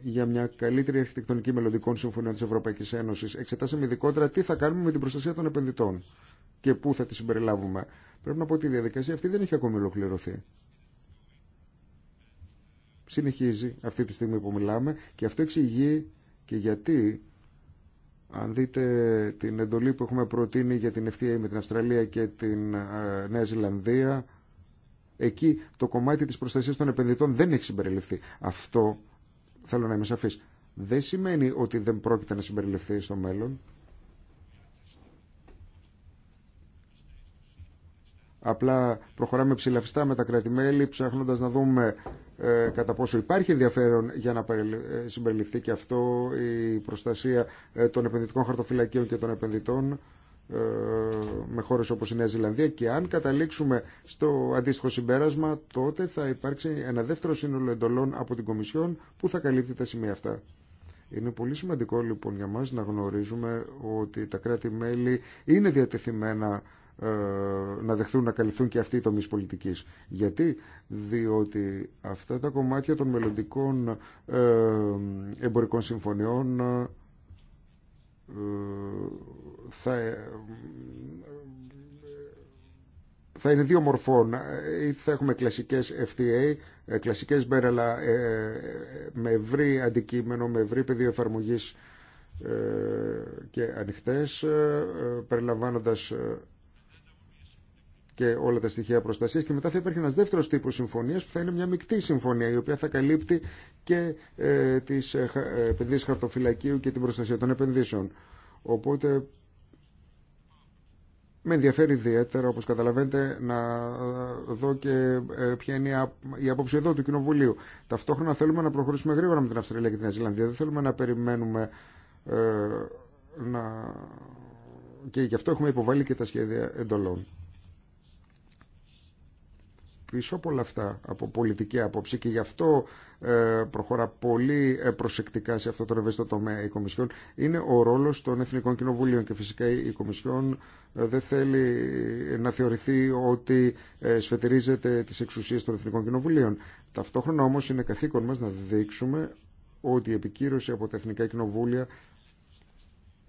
για μια καλύτερη αρχιτεκτονική μελλοντικών συμφωνίων της Ευρωπαϊκής Ένωσης. Εξετάσαμε ειδικότερα τι θα κάνουμε με την προστασία των επενδυτών και πού θα τη συμπεριλάβουμε. Πρέπει να πω ότι η διαδικασία αυτή δεν έχει ακόμη ολοκληρωθεί. Συνεχίζει αυτή τη στιγμή που μιλάμε και αυτό εξηγεί και γιατί αν δείτε την εντολή που έχουμε προτείνει για την FTA με την Αυστραλία και την ε, Νέα Ζηλανδία, εκεί το κομμάτι της προστασίας των επενδυτών δεν έχει συμπεριληφθεί. Αυτό Θέλω να είμαι σαφή. Δεν σημαίνει ότι δεν πρόκειται να συμπεριληφθεί στο μέλλον. Απλά προχωράμε ψηλαφιστά με τα κράτη-μέλη, ψάχνοντας να δούμε ε, κατά πόσο υπάρχει ενδιαφέρον για να ε, συμπεριληφθεί και αυτό η προστασία ε, των επενδυτικών χαρτοφυλακίων και των επενδυτών ε, με χώρες όπως η Νέα Ζηλανδία και αν καταλήξουμε στο αντίστοιχο συμπέρασμα τότε θα υπάρξει ένα δεύτερο σύνολο εντολών από την Κομισιόν που θα καλύπτει τα σημεία αυτά. Είναι πολύ σημαντικό λοιπόν για μας να γνωρίζουμε ότι τα κράτη-μέλη είναι διατεθειμένα ε, να δεχθούν να καλυφθούν και αυτοί οι τομείς πολιτικής. Γιατί, διότι αυτά τα κομμάτια των μελλοντικών ε, εμπορικών συμφωνιών θα, θα είναι δύο μορφών. Ή θα έχουμε κλασικές FTA, ε, κλασικές αλλά ε, ε, με ευρύ αντικείμενο, με ευρύ πεδίο εφαρμογής και ανοιχτές, περιλαμβάνοντας και όλα τα στοιχεία προστασία και μετά θα υπάρχει ένα δεύτερο τύπο συμφωνία που θα είναι μια μεικτή συμφωνία η οποία θα καλύπτει και ε, τις ε, ε, επενδύσεις χαρτοφυλακίου και την προστασία των επενδύσεων. Οπότε με ενδιαφέρει ιδιαίτερα, όπως καταλαβαίνετε, να ε, δω και ποια είναι η άποψη εδώ του Κοινοβουλίου. Ταυτόχρονα θέλουμε να προχωρήσουμε γρήγορα με την Αυστραλία και την Αζηλανδία. Δεν θέλουμε να περιμένουμε ε, να... Και γι' αυτό έχουμε υποβάλει και τα σχέδια εντολών πίσω από όλα αυτά από πολιτική άποψη και γι' αυτό ε, προχωρά πολύ ε, προσεκτικά σε αυτό το ρευστό τομέα η Κομισιόν είναι ο ρόλος των Εθνικών Κοινοβουλίων και φυσικά η Κομισιόν ε, δεν θέλει να θεωρηθεί ότι σφετηρίζεται τις εξουσίες των Εθνικών Κοινοβουλίων. Ταυτόχρονα όμως είναι καθήκον μας να δείξουμε ότι η επικύρωση από τα Εθνικά Κοινοβούλια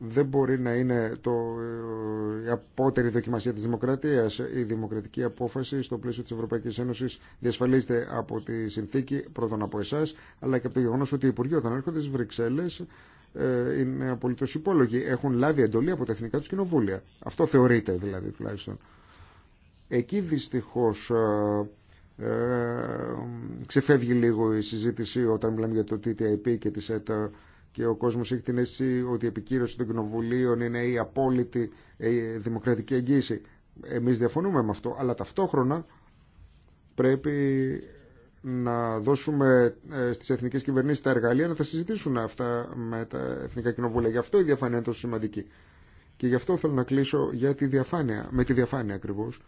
δεν μπορεί να είναι το, ε, η απότερη δοκιμασία της δημοκρατίας. Η δημοκρατική απόφαση στο πλαίσιο της Ευρωπαϊκής Ένωσης διασφαλίζεται από τη συνθήκη πρώτον από εσάς, αλλά και από το γεγονός ότι οι Υπουργοί όταν έρχονται στις Βρυξέλλες ε, είναι απολύτω υπόλογοι. Έχουν λάβει εντολή από τα εθνικά του κοινοβούλια. Αυτό θεωρείται δηλαδή τουλάχιστον. Εκεί δυστυχώ ε, ε, ξεφεύγει λίγο η συζήτηση όταν μιλάμε για το TTIP και τη ΣΕΤΑ και ο κόσμος έχει την αίσθηση ότι η επικύρωση των κοινοβουλίων είναι η απόλυτη ε, δημοκρατική εγγύηση. Εμείς διαφωνούμε με αυτό, αλλά ταυτόχρονα πρέπει να δώσουμε ε, στις εθνικές κυβερνήσεις τα εργαλεία να τα συζητήσουν αυτά με τα εθνικά κοινοβούλια. Γι' αυτό η διαφάνεια είναι τόσο σημαντική. Και γι' αυτό θέλω να κλείσω για τη διαφάνεια, με τη διαφάνεια ακριβώς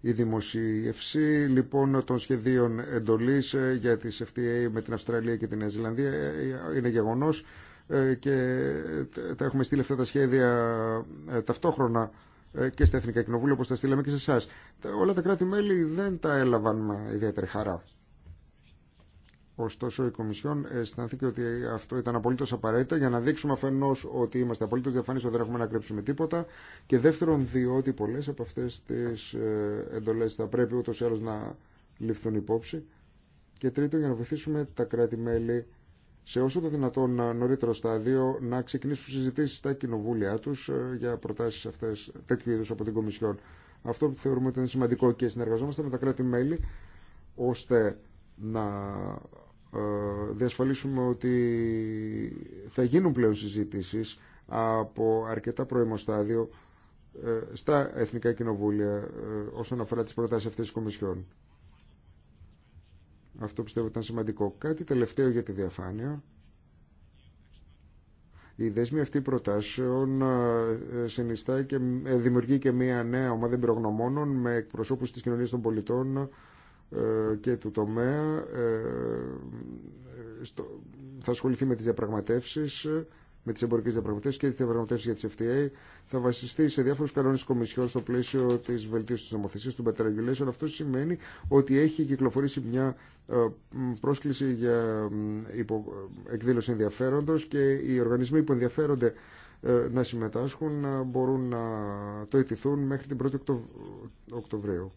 η δημοσίευση λοιπόν των σχεδίων εντολής ε, για τις FTA με την Αυστραλία και την Νέα Ζηλανδία ε, ε, είναι γεγονός και τα έχουμε στείλει αυτά τα σχέδια ταυτόχρονα και στα Εθνικά Κοινοβούλια όπως τα στείλαμε και σε εσά. Όλα τα κράτη-μέλη δεν τα έλαβαν με ιδιαίτερη χαρά. Ωστόσο, η Κομισιόν αισθάνθηκε ότι αυτό ήταν απολύτω απαραίτητο για να δείξουμε αφενό ότι είμαστε απολύτω διαφανεί, ότι δεν έχουμε να κρύψουμε τίποτα. Και δεύτερον, διότι πολλέ από αυτέ τι ε, εντολέ θα πρέπει ούτω ή άλλω να ληφθούν υπόψη. Και τρίτον, για να βοηθήσουμε τα κράτη-μέλη σε όσο το δυνατόν νωρίτερο στάδιο να ξεκινήσουν συζητήσει στα κοινοβούλια του ε, για προτάσει αυτέ τέτοιου είδου από την Κομισιόν. Αυτό που θεωρούμε ότι είναι σημαντικό και συνεργαζόμαστε με τα κράτη-μέλη ώστε να ε, διασφαλίσουμε ότι θα γίνουν πλέον συζητήσεις από αρκετά πρώιμο ε, στα Εθνικά Κοινοβούλια ε, όσον αφορά τις προτάσεις αυτές της Κομισιόν. Αυτό πιστεύω ήταν σημαντικό. Κάτι τελευταίο για τη διαφάνεια. Η δέσμη αυτή προτάσεων συνιστά και δημιουργεί και μια νέα ομάδα εμπειρογνωμόνων με εκπροσώπους της κοινωνίας των πολιτών ε, και του τομέα ε, θα ασχοληθεί με τις διαπραγματεύσεις με τις εμπορικές διαπραγματεύσεις και τις διαπραγματεύσεις για τις FTA θα βασιστεί σε διάφορους κανόνες κομισιών στο πλαίσιο της βελτίωσης της νομοθεσίας του Better Regulation. Αυτό σημαίνει ότι έχει κυκλοφορήσει μια ε, πρόσκληση για εκδήλωση ενδιαφέροντος και οι οργανισμοί που ενδιαφέρονται να συμμετάσχουν μπορούν να το ετηθούν μέχρι την 1η Οκτωβρίου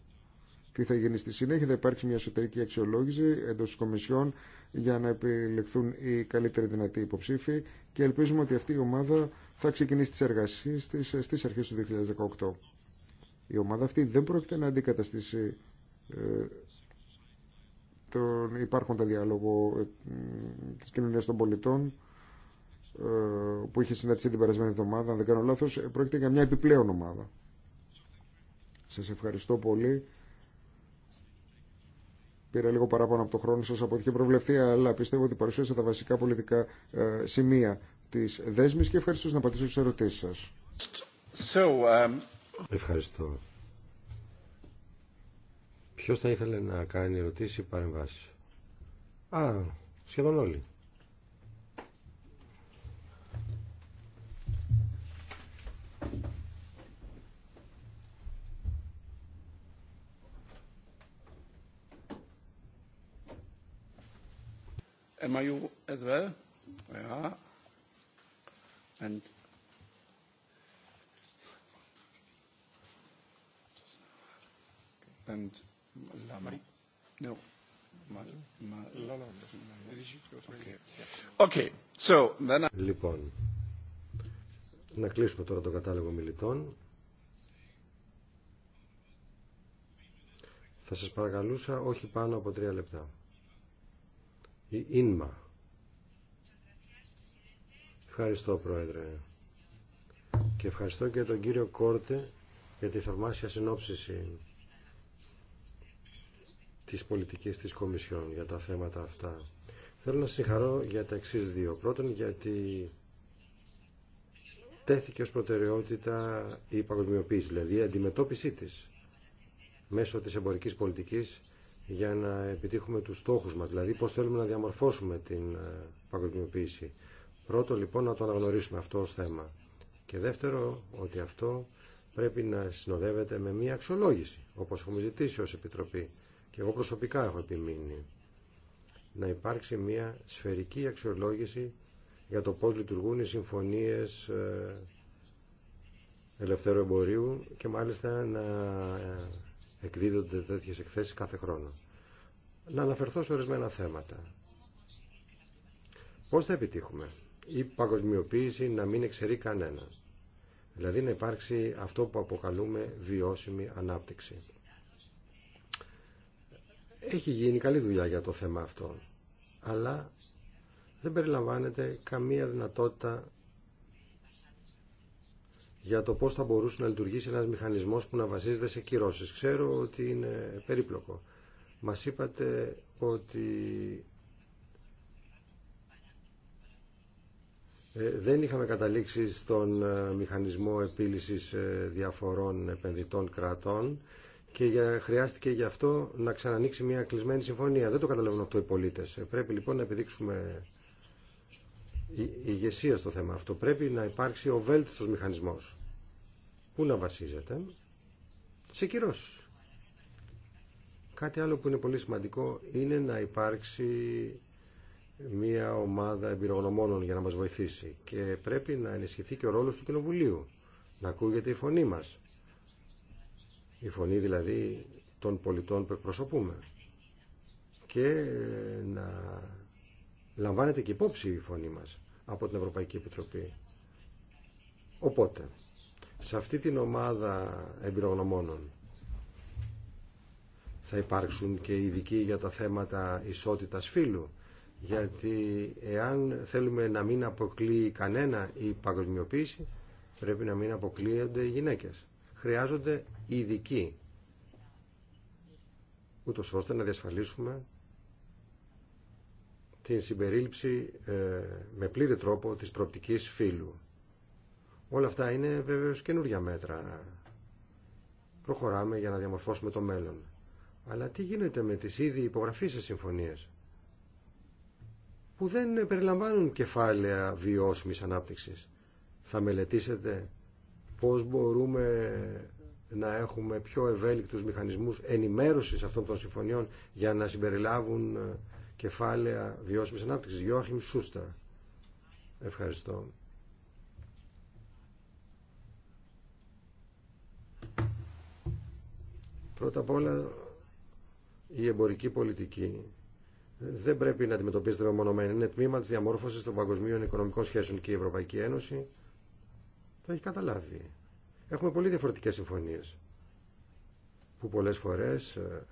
τι θα γίνει στη συνέχεια. Θα υπάρξει μια εσωτερική αξιολόγηση εντό τη Κομισιόν για να επιλεχθούν οι καλύτεροι δυνατοί υποψήφοι και ελπίζουμε ότι αυτή η ομάδα θα ξεκινήσει τι εργασίε τη ε, στι αρχέ του 2018. Η ομάδα αυτή δεν πρόκειται να αντικαταστήσει ε, τον υπάρχοντα διάλογο ε, της κοινωνίας των πολιτών ε, που είχε συναντηθεί την περασμένη εβδομάδα, αν δεν κάνω λάθος, πρόκειται για μια επιπλέον ομάδα. Σας ευχαριστώ πολύ. Πήρα λίγο παράπονο από το χρόνο σας από ό,τι είχε προβλεφθεί, αλλά πιστεύω ότι παρουσίασα τα βασικά πολιτικά ε, σημεία της δέσμης και ευχαριστώ να απαντήσω στις ερωτήσεις σας. Um, ευχαριστώ. Ποιος θα ήθελε να κάνει ερωτήσεις ή παρεμβάσεις. Α, σχεδόν όλοι. as well. Yeah. And Λοιπόν, να κλείσουμε τώρα το κατάλογο μιλητών. Θα σας παρακαλούσα όχι πάνω από τρία λεπτά η Ίνμα. Ευχαριστώ Πρόεδρε. Και ευχαριστώ και τον κύριο Κόρτε για τη θαυμάσια συνόψιση της πολιτικής της Κομισιόν για τα θέματα αυτά. Θέλω να συγχαρώ για τα εξή δύο. Πρώτον, γιατί τέθηκε ως προτεραιότητα η παγκοσμιοποίηση, δηλαδή η αντιμετώπιση της μέσω της εμπορικής πολιτικής για να επιτύχουμε τους στόχους μας, δηλαδή πώς θέλουμε να διαμορφώσουμε την ε, παγκοσμιοποίηση. Πρώτο λοιπόν να το αναγνωρίσουμε αυτό ως θέμα. Και δεύτερο ότι αυτό πρέπει να συνοδεύεται με μια αξιολόγηση, όπως έχουμε ζητήσει ως Επιτροπή. Και εγώ προσωπικά έχω επιμείνει να υπάρξει μια σφαιρική αξιολόγηση για το πώς λειτουργούν οι συμφωνίες ε, ελευθέρου εμπορίου και μάλιστα να ε, εκδίδονται τέτοιες εκθέσεις κάθε χρόνο. Να αναφερθώ σε ορισμένα θέματα. Πώς θα επιτύχουμε η παγκοσμιοποίηση να μην εξαιρεί κανένα. Δηλαδή να υπάρξει αυτό που αποκαλούμε βιώσιμη ανάπτυξη. Έχει γίνει καλή δουλειά για το θέμα αυτό, αλλά δεν περιλαμβάνεται καμία δυνατότητα για το πώς θα μπορούσε να λειτουργήσει ένας μηχανισμός που να βασίζεται σε κυρώσεις. Ξέρω ότι είναι περίπλοκο. Μας είπατε ότι ε, δεν είχαμε καταλήξει στον ε, μηχανισμό επίλυσης ε, διαφορών επενδυτών κρατών και για, χρειάστηκε γι' αυτό να ξανανοίξει μια κλεισμένη συμφωνία. Δεν το καταλαβαίνουν αυτό οι πολίτες. Πρέπει λοιπόν να επιδείξουμε η ηγεσία στο θέμα αυτό. Πρέπει να υπάρξει ο βέλτιστος μηχανισμός που να βασίζεται σε κυρώσεις. Κάτι άλλο που είναι πολύ σημαντικό είναι να υπάρξει μια ομάδα εμπειρογνωμόνων για να μας βοηθήσει και πρέπει να ενισχυθεί και ο ρόλος του Κοινοβουλίου, να ακούγεται η φωνή μας, η φωνή δηλαδή των πολιτών που εκπροσωπούμε και ε, να λαμβάνεται και υπόψη η φωνή μας από την Ευρωπαϊκή Επιτροπή. Οπότε, σε αυτή την ομάδα εμπειρογνωμόνων θα υπάρξουν και ειδικοί για τα θέματα ισότητας φύλου, γιατί εάν θέλουμε να μην αποκλείει κανένα η παγκοσμιοποίηση, πρέπει να μην αποκλείονται οι γυναίκες. Χρειάζονται ειδικοί, ούτως ώστε να διασφαλίσουμε την συμπερίληψη ε, με πλήρη τρόπο της προπτικής φύλου. Όλα αυτά είναι βέβαιως καινούργια μέτρα. Προχωράμε για να διαμορφώσουμε το μέλλον. Αλλά τι γίνεται με τις ήδη υπογραφείς σε συμφωνίες που δεν περιλαμβάνουν κεφάλαια βιώσιμης ανάπτυξης. Θα μελετήσετε πώς μπορούμε να έχουμε πιο ευέλικτους μηχανισμούς ενημέρωσης αυτών των συμφωνιών για να συμπεριλάβουν ε, κεφάλαια βιώσιμη ανάπτυξη. Γιώχιμ Σούστα. Ευχαριστώ. Πρώτα απ' όλα η εμπορική πολιτική δεν πρέπει να αντιμετωπίζεται μεμονωμένη. Είναι τμήμα της διαμόρφωση των παγκοσμίων οικονομικών σχέσεων και η Ευρωπαϊκή Ένωση το έχει καταλάβει. Έχουμε πολύ διαφορετικές συμφωνίες που πολλές φορές ε,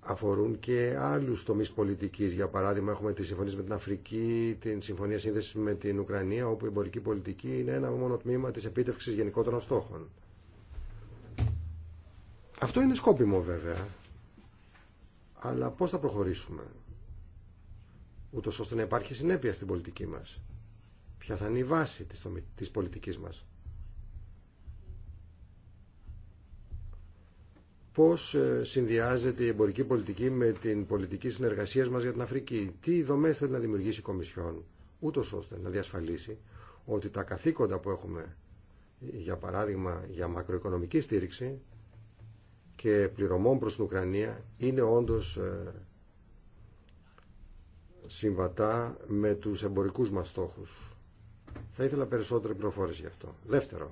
αφορούν και άλλους τομείς πολιτικής. Για παράδειγμα, έχουμε τη συμφωνία με την Αφρική, την συμφωνία σύνδεση με την Ουκρανία, όπου η εμπορική πολιτική είναι ένα μόνο τμήμα της επίτευξης γενικότερων στόχων. Αυτό είναι σκόπιμο βέβαια. Αλλά πώς θα προχωρήσουμε, ούτω ώστε να υπάρχει συνέπεια στην πολιτική μα, Ποια θα είναι η βάση της πολιτικής μας. πώς ε, συνδυάζεται η εμπορική πολιτική με την πολιτική συνεργασία μας για την Αφρική. Τι δομές θέλει να δημιουργήσει η Κομισιόν, ούτω ώστε να διασφαλίσει ότι τα καθήκοντα που έχουμε, για παράδειγμα, για μακροοικονομική στήριξη και πληρωμών προς την Ουκρανία, είναι όντως ε, συμβατά με τους εμπορικούς μας στόχους. Θα ήθελα περισσότερη πληροφόρηση γι' αυτό. Δεύτερο,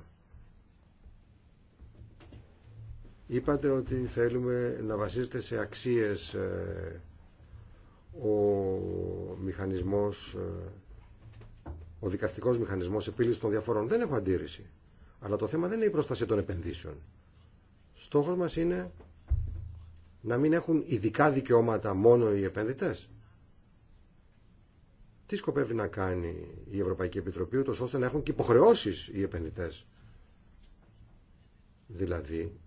Είπατε ότι θέλουμε να βασίζεται σε αξίες ε, ο μηχανισμός, ε, ο δικαστικός μηχανισμός επίλυσης των διαφορών. Δεν έχω αντίρρηση. Αλλά το θέμα δεν είναι η προστασία των επενδύσεων. Στόχος μας είναι να μην έχουν ειδικά δικαιώματα μόνο οι επενδυτές. Τι σκοπεύει να κάνει η Ευρωπαϊκή Επιτροπή ούτως ώστε να έχουν και υποχρεώσεις οι επενδυτές. Δηλαδή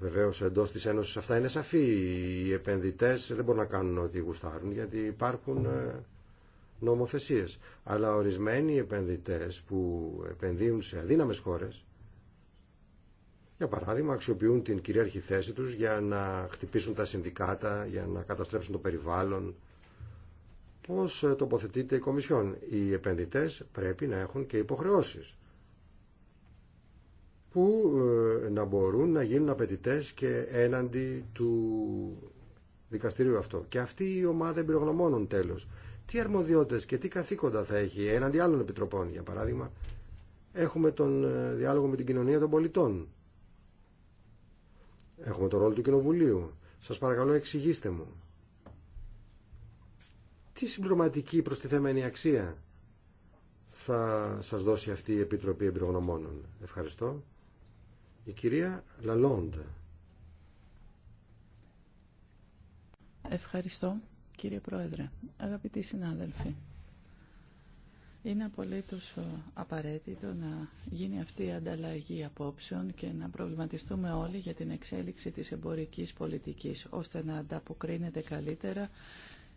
Βεβαίω εντό τη Ένωση αυτά είναι σαφή. Οι επενδυτέ δεν μπορούν να κάνουν ό,τι γουστάρουν γιατί υπάρχουν ε, νομοθεσίε. Αλλά ορισμένοι επενδυτέ που επενδύουν σε αδύναμε χώρε, για παράδειγμα, αξιοποιούν την κυρίαρχη θέση του για να χτυπήσουν τα συνδικάτα, για να καταστρέψουν το περιβάλλον. Πώ ε, τοποθετείται η Κομισιόν. Οι επενδυτέ πρέπει να έχουν και υποχρεώσει που ε, να μπορούν να γίνουν απαιτητέ και έναντι του δικαστηρίου αυτό. Και αυτή η ομάδα εμπειρογνωμόνων τέλος. Τι αρμοδιότητες και τι καθήκοντα θα έχει έναντι άλλων επιτροπών. Για παράδειγμα, έχουμε τον ε, διάλογο με την κοινωνία των πολιτών. Έχουμε τον ρόλο του Κοινοβουλίου. Σας παρακαλώ εξηγήστε μου. Τι συμπληρωματική προστιθέμενη αξία θα σας δώσει αυτή η Επιτροπή Εμπειρογνωμόνων. Ευχαριστώ. Η κυρία Λαλόντα. Ευχαριστώ κύριε Πρόεδρε, αγαπητοί συνάδελφοι. Είναι απολύτως ε, απαραίτητο να γίνει αυτή η ανταλλαγή απόψεων και να προβληματιστούμε όλοι για την εξέλιξη της εμπορικής πολιτικής, ώστε να ανταποκρίνεται καλύτερα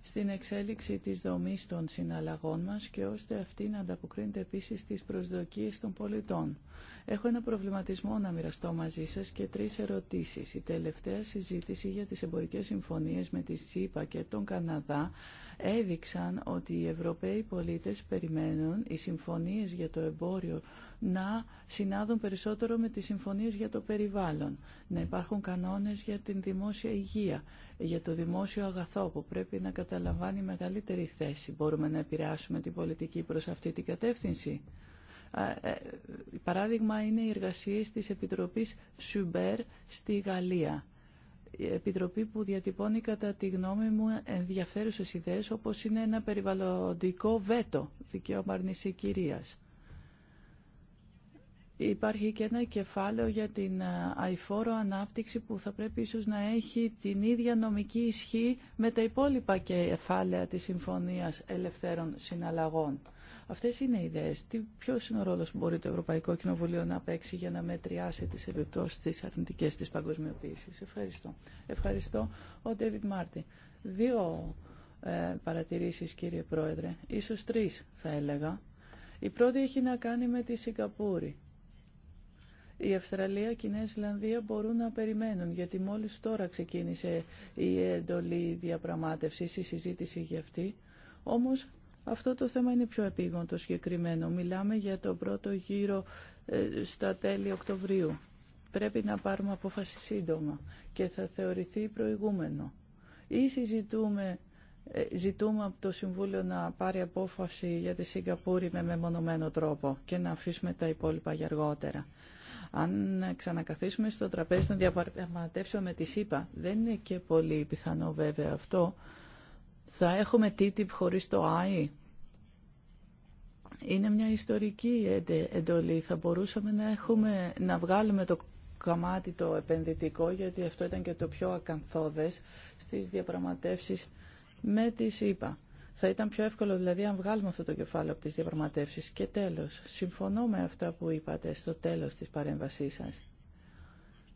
στην εξέλιξη της δομής των συναλλαγών μας και ώστε αυτή να ανταποκρίνεται επίσης στις προσδοκίες των πολιτών. Έχω ένα προβληματισμό να μοιραστώ μαζί σας και τρεις ερωτήσεις. Η τελευταία συζήτηση για τις εμπορικές συμφωνίες με τη ΣΥΠΑ και τον Καναδά έδειξαν ότι οι Ευρωπαίοι πολίτες περιμένουν οι συμφωνίες για το εμπόριο να συνάδουν περισσότερο με τις συμφωνίες για το περιβάλλον, να υπάρχουν κανόνες για την δημόσια υγεία, για το δημόσιο αγαθό που πρέπει να καταλαμβάνει μεγαλύτερη θέση. Μπορούμε να επηρεάσουμε την πολιτική προς αυτή την κατεύθυνση. Ε, παράδειγμα είναι οι εργασίες της Επιτροπής Σουμπέρ στη Γαλλία Επιτροπή που διατυπώνει κατά τη γνώμη μου ενδιαφέρουσες ιδέες όπως είναι ένα περιβαλλοντικό βέτο δικαίωμα αρνησή Υπάρχει και ένα κεφάλαιο για την αηφόρο ανάπτυξη που θα πρέπει ίσως να έχει την ίδια νομική ισχύ με τα υπόλοιπα κεφάλαια της Συμφωνίας Ελευθέρων Συναλλαγών. Αυτέ είναι οι ιδέε. Τι, είναι ο ρόλος που μπορεί το Ευρωπαϊκό Κοινοβουλίο να παίξει για να μετριάσει τι επιπτώσεις τη αρνητική τη παγκοσμιοποίηση. Ευχαριστώ. Ευχαριστώ ο Ντέβιτ Μάρτι. Δύο ε, παρατηρήσεις κύριε Πρόεδρε, ίσως τρει θα έλεγα. Η πρώτη έχει να κάνει με τη Σιγκαπούρη. Η Αυστραλία και η Νέα Ισλανδία μπορούν να περιμένουν, γιατί μόλι τώρα ξεκίνησε η εντολή διαπραγματεύση, η συζήτηση για αυτή. Αυτό το θέμα είναι πιο επίγοντο συγκεκριμένο. Μιλάμε για το πρώτο γύρο ε, στα τέλη Οκτωβρίου. Πρέπει να πάρουμε απόφαση σύντομα και θα θεωρηθεί προηγούμενο. Ή συζητούμε, ε, ζητούμε από το Συμβούλιο να πάρει απόφαση για τη Σιγκαπούρη με μεμονωμένο τρόπο και να αφήσουμε τα υπόλοιπα για αργότερα. Αν ξανακαθίσουμε στο τραπέζι των διαπραγματεύσεων με τη ΣΥΠΑ, δεν είναι και πολύ πιθανό βέβαια αυτό, θα έχουμε TTIP χωρίς το ΆΗ. Είναι μια ιστορική εντολή. Θα μπορούσαμε να, έχουμε, να βγάλουμε το καμάτι το επενδυτικό, γιατί αυτό ήταν και το πιο ακαθόδες στις διαπραγματεύσεις με τη ΣΥΠΑ. Θα ήταν πιο εύκολο δηλαδή αν βγάλουμε αυτό το κεφάλαιο από τις διαπραγματεύσεις. Και τέλος, συμφωνώ με αυτά που είπατε στο τέλος της παρέμβασής σας.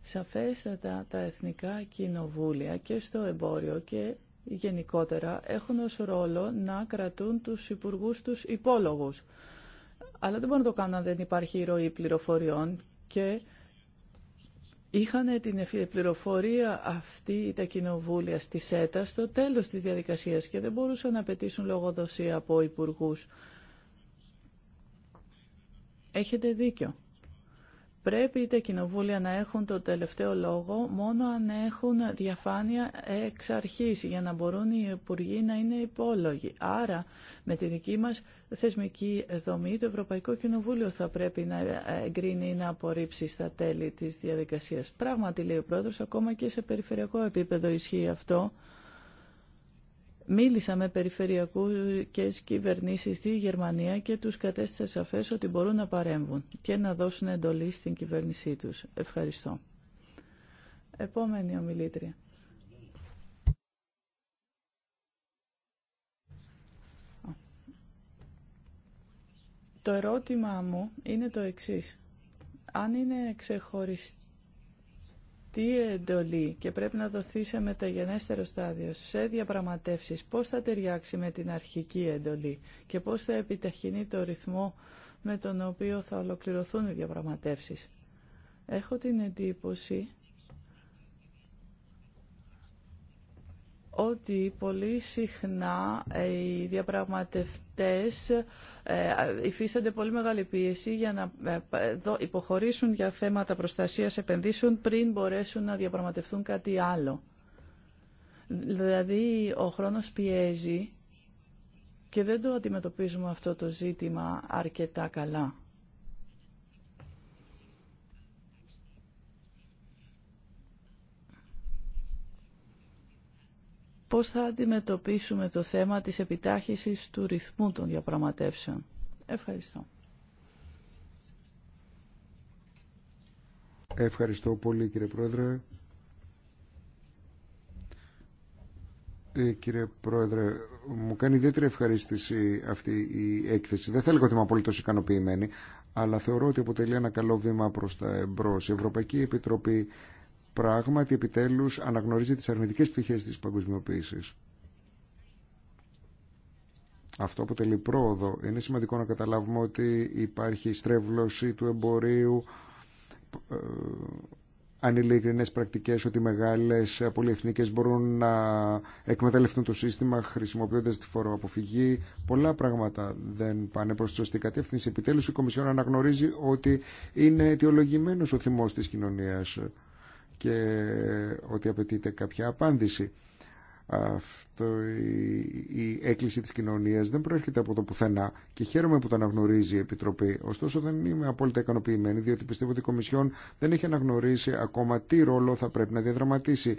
Σαφέστατα τα εθνικά κοινοβούλια και στο εμπόριο και γενικότερα έχουν ως ρόλο να κρατούν τους υπουργούς τους υπόλογους. Αλλά δεν μπορούν να το κάνουν αν δεν υπάρχει ροή πληροφοριών και είχαν την πληροφορία αυτή τα κοινοβούλια στη ΣΕΤΑ στο τέλος της διαδικασίας και δεν μπορούσαν να απαιτήσουν λογοδοσία από υπουργούς. Έχετε δίκιο πρέπει τα κοινοβούλια να έχουν το τελευταίο λόγο μόνο αν έχουν διαφάνεια εξ αρχής για να μπορούν οι υπουργοί να είναι υπόλογοι. Άρα με τη δική μας θεσμική δομή το Ευρωπαϊκό Κοινοβούλιο θα πρέπει να εγκρίνει ή να απορρίψει στα τέλη της διαδικασίας. Πράγματι λέει ο Πρόεδρος, ακόμα και σε περιφερειακό επίπεδο ισχύει αυτό. Μίλησα με περιφερειακού και κυβερνήσει στη Γερμανία και τους κατέστησα σαφές ότι μπορούν να παρέμβουν και να δώσουν εντολή στην κυβέρνησή τους. Ευχαριστώ. Επόμενη ομιλήτρια. Το ερώτημά μου είναι το εξής. Αν είναι ξεχωριστή αυτή εντολή και πρέπει να δοθεί σε μεταγενέστερο στάδιο, σε διαπραγματεύσεις, πώς θα ταιριάξει με την αρχική εντολή και πώς θα επιταχυνεί το ρυθμό με τον οποίο θα ολοκληρωθούν οι διαπραγματεύσεις. Έχω την εντύπωση ότι πολύ συχνά ε, οι διαπραγματευτές ε, υφίστανται πολύ μεγάλη πίεση για να ε, υποχωρήσουν για θέματα προστασίας επενδύσεων πριν μπορέσουν να διαπραγματευτούν κάτι άλλο. Δηλαδή ο χρόνος πιέζει και δεν το αντιμετωπίζουμε αυτό το ζήτημα αρκετά καλά. πώς θα αντιμετωπίσουμε το θέμα της επιτάχυσης του ρυθμού των διαπραγματεύσεων. Ευχαριστώ. Ευχαριστώ πολύ κύριε Πρόεδρε. Ε, κύριε Πρόεδρε, μου κάνει ιδιαίτερη ευχαρίστηση αυτή η έκθεση. Δεν θέλω έλεγα ότι είμαι απολύτω ικανοποιημένη, αλλά θεωρώ ότι αποτελεί ένα καλό βήμα προς τα εμπρός. Η Ευρωπαϊκή Επιτροπή πράγματι επιτέλους αναγνωρίζει τις αρνητικές πτυχές της παγκοσμιοποίησης. Αυτό αποτελεί πρόοδο. Είναι σημαντικό να καταλάβουμε ότι υπάρχει στρέβλωση του εμπορίου, ε, ανηλίκρινες πρακτικές ότι μεγάλες πολυεθνικές μπορούν να εκμεταλλευτούν το σύστημα χρησιμοποιώντας τη φοροαποφυγή. Πολλά πράγματα δεν πάνε προς τη σωστή κατεύθυνση. Επιτέλους η Κομισιόν αναγνωρίζει ότι είναι αιτιολογημένος ο θυμός της κοινωνίας και ότι απαιτείται κάποια απάντηση. Αυτό η, η έκκληση της κοινωνίας δεν προέρχεται από το πουθενά και χαίρομαι που το αναγνωρίζει η Επιτροπή. Ωστόσο δεν είμαι απόλυτα ικανοποιημένη διότι πιστεύω ότι η Κομισιόν δεν έχει αναγνωρίσει ακόμα τι ρόλο θα πρέπει να διαδραματίσει.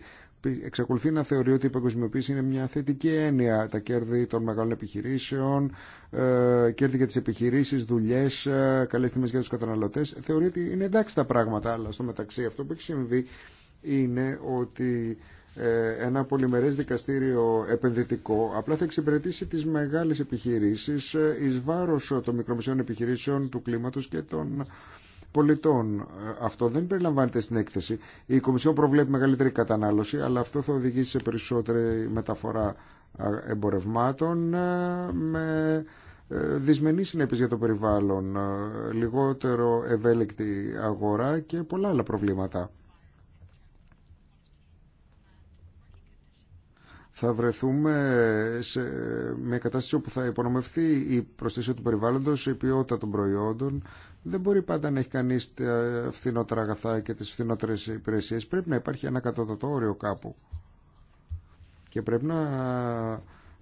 Εξακολουθεί να θεωρεί ότι η παγκοσμιοποίηση είναι μια θετική έννοια. Τα κέρδη των μεγάλων επιχειρήσεων, ε, κέρδη για τι επιχειρήσει, δουλειέ, ε, καλές για του καταναλωτέ. Θεωρεί ότι είναι εντάξει τα πράγματα, αλλά στο μεταξύ αυτό που έχει συμβεί είναι ότι ε, ένα πολυμερές δικαστήριο επενδυτικό απλά θα εξυπηρετήσει τις μεγάλες επιχειρήσεις ε, εις βάρος των μικρομεσαίων επιχειρήσεων του κλίματος και των πολιτών. Ε, αυτό δεν περιλαμβάνεται στην έκθεση. Η Κομισιόν προβλέπει μεγαλύτερη κατανάλωση, αλλά αυτό θα οδηγήσει σε περισσότερη μεταφορά εμπορευμάτων με δυσμενή συνέπειες για το περιβάλλον, λιγότερο ευέλικτη αγορά και πολλά άλλα προβλήματα. θα βρεθούμε σε μια κατάσταση όπου θα υπονομευθεί η προστασία του περιβάλλοντος, η ποιότητα των προϊόντων. Δεν μπορεί πάντα να έχει κανεί τα φθηνότερα αγαθά και τις φθηνότερε υπηρεσίες. Πρέπει να υπάρχει ένα κατώτατο όριο κάπου. Και πρέπει να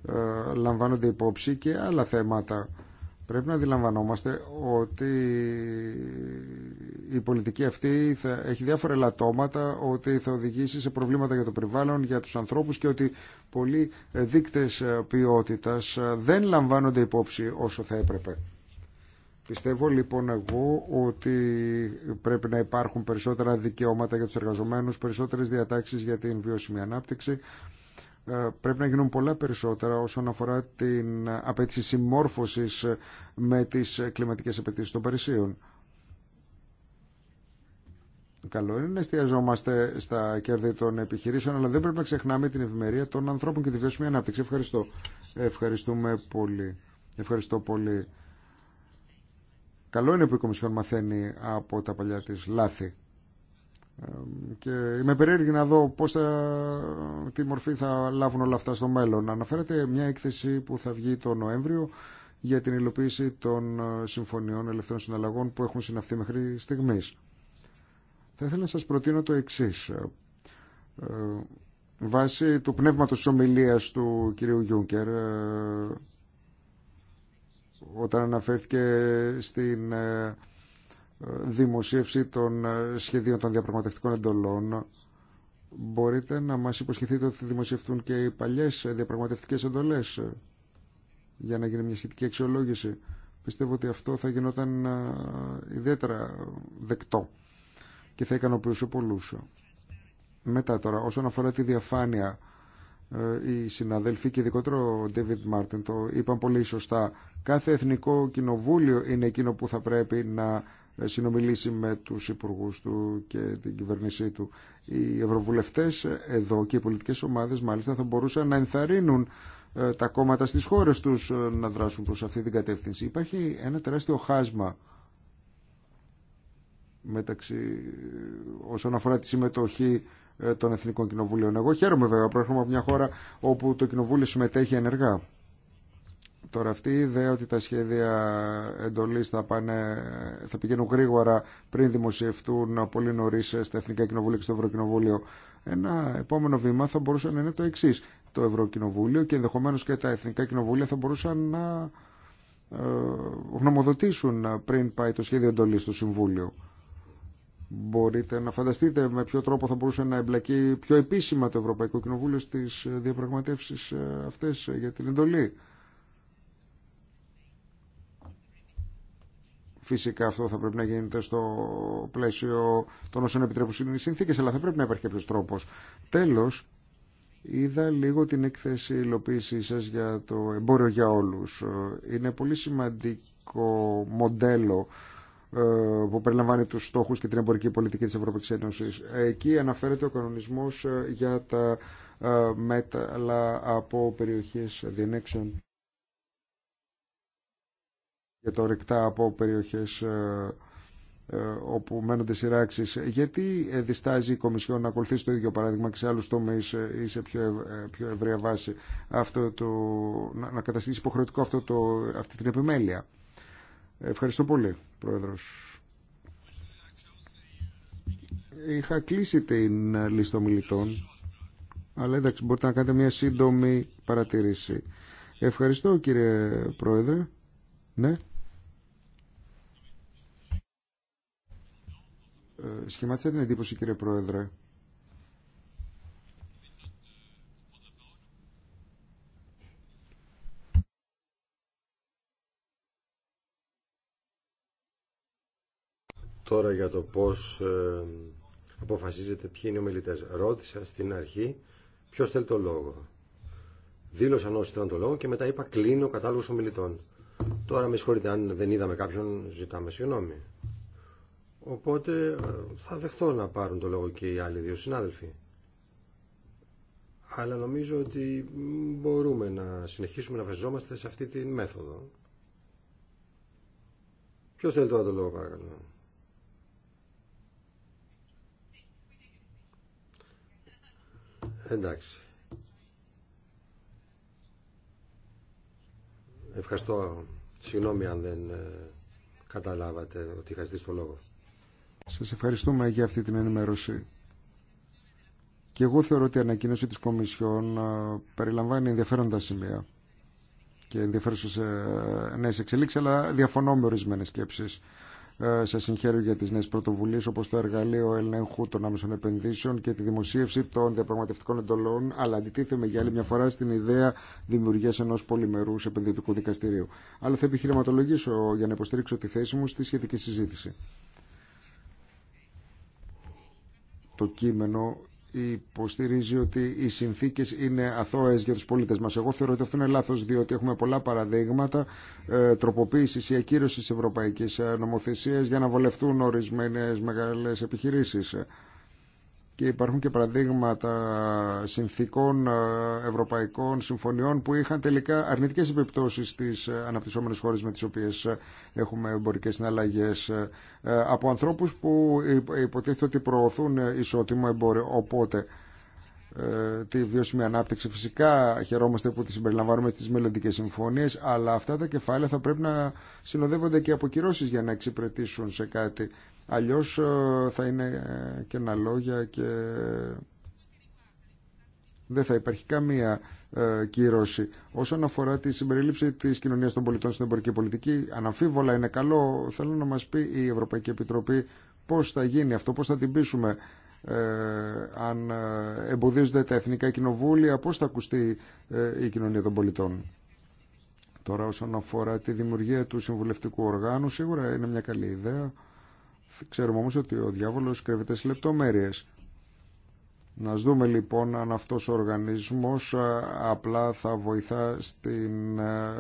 ε, λαμβάνονται υπόψη και άλλα θέματα. Πρέπει να αντιλαμβανόμαστε ότι η πολιτική αυτή θα, έχει διάφορα ελαττώματα ότι θα οδηγήσει σε προβλήματα για το περιβάλλον, για τους ανθρώπους και ότι πολλοί ε, δείκτες ε, ποιότητας ε, δεν λαμβάνονται υπόψη όσο θα έπρεπε. Πιστεύω λοιπόν εγώ ότι πρέπει να υπάρχουν περισσότερα δικαιώματα για τους εργαζομένους, περισσότερες διατάξεις για την βιώσιμη ανάπτυξη. Πρέπει να γίνουν πολλά περισσότερα όσον αφορά την απέτηση συμμόρφωσης με τις κλιματικές απαιτήσει των Παρισίων. Καλό είναι να εστιαζόμαστε στα κέρδη των επιχειρήσεων, αλλά δεν πρέπει να ξεχνάμε την ευημερία των ανθρώπων και τη βιώσιμη ανάπτυξη. Ευχαριστώ. Ευχαριστούμε πολύ. Ευχαριστώ πολύ. Καλό είναι που η Κομισιόν μαθαίνει από τα παλιά της λάθη. Και είμαι περίεργη να δω πώς θα, τι μορφή θα λάβουν όλα αυτά στο μέλλον. Αναφέρεται μια έκθεση που θα βγει το Νοέμβριο για την υλοποίηση των ε, συμφωνιών ελευθερών συναλλαγών που έχουν συναυθεί μέχρι στιγμής. Θα ήθελα να σας προτείνω το εξής. Ε, βάσει του πνεύματος της ομιλίας του κυρίου Γιούγκερ, ε, όταν αναφέρθηκε στην ε, δημοσίευση των σχεδίων των διαπραγματευτικών εντολών, μπορείτε να μας υποσχεθείτε ότι θα δημοσιευτούν και οι παλιές διαπραγματευτικές εντολές για να γίνει μια σχετική αξιολόγηση. Πιστεύω ότι αυτό θα γινόταν ιδιαίτερα δεκτό και θα ικανοποιούσε πολλού. Μετά τώρα, όσον αφορά τη διαφάνεια, ε, οι συναδέλφοι και ειδικότερο ο David Μάρτιν το είπαν πολύ σωστά. Κάθε εθνικό κοινοβούλιο είναι εκείνο που θα πρέπει να ε, συνομιλήσει με τους υπουργούς του και την κυβέρνησή του. Οι ευρωβουλευτές εδώ και οι πολιτικές ομάδες μάλιστα θα μπορούσαν να ενθαρρύνουν ε, τα κόμματα στις χώρες τους να δράσουν προς αυτή την κατεύθυνση. Υπάρχει ένα τεράστιο χάσμα μεταξύ, όσον αφορά τη συμμετοχή ε, των Εθνικών Κοινοβουλίων. Εγώ χαίρομαι βέβαια, προέρχομαι από μια χώρα όπου το Κοινοβούλιο συμμετέχει ενεργά. Τώρα αυτή η ιδέα ότι τα σχέδια εντολής θα, θα πηγαίνουν γρήγορα πριν δημοσιευτούν πολύ νωρί στα Εθνικά Κοινοβούλια και στο Ευρωκοινοβούλιο. Ένα επόμενο βήμα θα μπορούσε να είναι το εξή. Το Ευρωκοινοβούλιο και ενδεχομένω και τα Εθνικά Κοινοβούλια θα μπορούσαν να ε, γνωμοδοτήσουν πριν πάει το σχέδιο εντολής στο Συμβούλιο. Μπορείτε να φανταστείτε με ποιο τρόπο θα μπορούσε να εμπλακεί πιο επίσημα το Ευρωπαϊκό Κοινοβούλιο στις ε, διαπραγματεύσεις ε, αυτές ε, για την εντολή. Φυσικά αυτό θα πρέπει να γίνεται στο πλαίσιο των όσων επιτρέπουν οι συνθήκες, αλλά θα πρέπει να υπάρχει κάποιο τρόπος. Τέλος, είδα λίγο την έκθεση υλοποίησή σας για το εμπόριο για όλους. Είναι πολύ σημαντικό μοντέλο ε, που περιλαμβάνει τους στόχους και την εμπορική πολιτική της Ευρωπαϊκής Ένωσης. Εκεί αναφέρεται ο κανονισμός ε, για τα ε, μέταλλα από περιοχές διενέξεων και τα ορυκτά από περιοχές όπου μένονται σειράξεις. Γιατί διστάζει η Κομισιόν να ακολουθήσει το ίδιο παράδειγμα και σε άλλους τομείς ή σε πιο, πιο ευρεία βάση αυτό το, να, καταστήσει υποχρεωτικό αυτή την επιμέλεια. Ευχαριστώ πολύ. Πρόεδρος. Είχα κλείσει την λίστα μιλητών, αλλά εντάξει μπορείτε να κάνετε μια σύντομη παρατηρήση. Ευχαριστώ κύριε Πρόεδρε. Ναι. Ε, σχημάτισα την εντύπωση κύριε Πρόεδρε Τώρα για το πώς ε, αποφασίζετε ποιοι είναι οι ομιλητές. Ρώτησα στην αρχή ποιος θέλει το λόγο. Δήλωσαν όσοι θέλουν το λόγο και μετά είπα κλείνω κατάλογος ομιλητών. Τώρα με συγχωρείτε αν δεν είδαμε κάποιον ζητάμε συγγνώμη. Οπότε ε, θα δεχθώ να πάρουν το λόγο και οι άλλοι δύο συνάδελφοι. Αλλά νομίζω ότι μπορούμε να συνεχίσουμε να βασιζόμαστε σε αυτή τη μέθοδο. Ποιος θέλει τώρα το λόγο παρακαλώ. Εντάξει. Ευχαριστώ. Συγγνώμη αν δεν ε, καταλάβατε ότι είχα ζητήσει το λόγο. Σας ευχαριστούμε για αυτή την ενημέρωση. Και εγώ θεωρώ ότι η ανακοίνωση της Κομισιόν ε, περιλαμβάνει ενδιαφέροντα σημεία και ενδιαφέρουσε ε, νέες εξελίξει, αλλά διαφωνώ με ορισμένε σκέψεις. Ε, σε συγχαίρω για τις νέες πρωτοβουλίες όπως το εργαλείο ελέγχου των άμεσων επενδύσεων και τη δημοσίευση των διαπραγματευτικών εντολών, αλλά αντιτίθεμαι για άλλη μια φορά στην ιδέα δημιουργίας ενός πολυμερούς επενδυτικού δικαστηρίου. Αλλά θα επιχειρηματολογήσω για να υποστηρίξω τη θέση μου στη σχετική συζήτηση. Το κείμενο υποστηρίζει ότι οι συνθήκες είναι αθώες για τους πολίτες μας. Εγώ θεωρώ ότι αυτό είναι λάθος διότι έχουμε πολλά παραδείγματα ε, τροποποίησης ή ακύρωσης ευρωπαϊκής ε, νομοθεσίας για να βολευτούν ορισμένες μεγάλες επιχειρήσεις και υπάρχουν και παραδείγματα συνθήκων ε, ευρωπαϊκών συμφωνιών που είχαν τελικά αρνητικές επιπτώσεις στις ε, αναπτυσσόμενες χώρες με τις οποίες ε, έχουμε εμπορικές συναλλαγές από ανθρώπους που υποτίθεται ότι προωθούν ισότιμο εμπόριο. Οπότε τη βιώσιμη ανάπτυξη φυσικά χαιρόμαστε που τη συμπεριλαμβάνουμε στις μελλοντικέ συμφωνίες αλλά αυτά τα κεφάλαια θα πρέπει να συνοδεύονται και από για να εξυπηρετήσουν σε κάτι Αλλιώς ε, θα είναι ε, κενά λόγια και δεν θα υπάρχει καμία ε, κύρωση. Όσον αφορά τη συμπερίληψη τη κοινωνία των πολιτών στην εμπορική πολιτική, αναμφίβολα είναι καλό. Θέλω να μα πει η Ευρωπαϊκή Επιτροπή πώ θα γίνει αυτό, πώ θα την πείσουμε. αν εμποδίζονται τα εθνικά κοινοβούλια, πώς θα ακουστεί η κοινωνία των πολιτών. Τώρα όσον αφορά τη δημιουργία του συμβουλευτικού οργάνου, σίγουρα είναι μια καλή ιδέα. Ξέρουμε όμως ότι ο διάβολος κρύβεται σε λεπτομέρειες. Να δούμε λοιπόν αν αυτός ο οργανισμός ε, απλά θα βοηθά στην ε,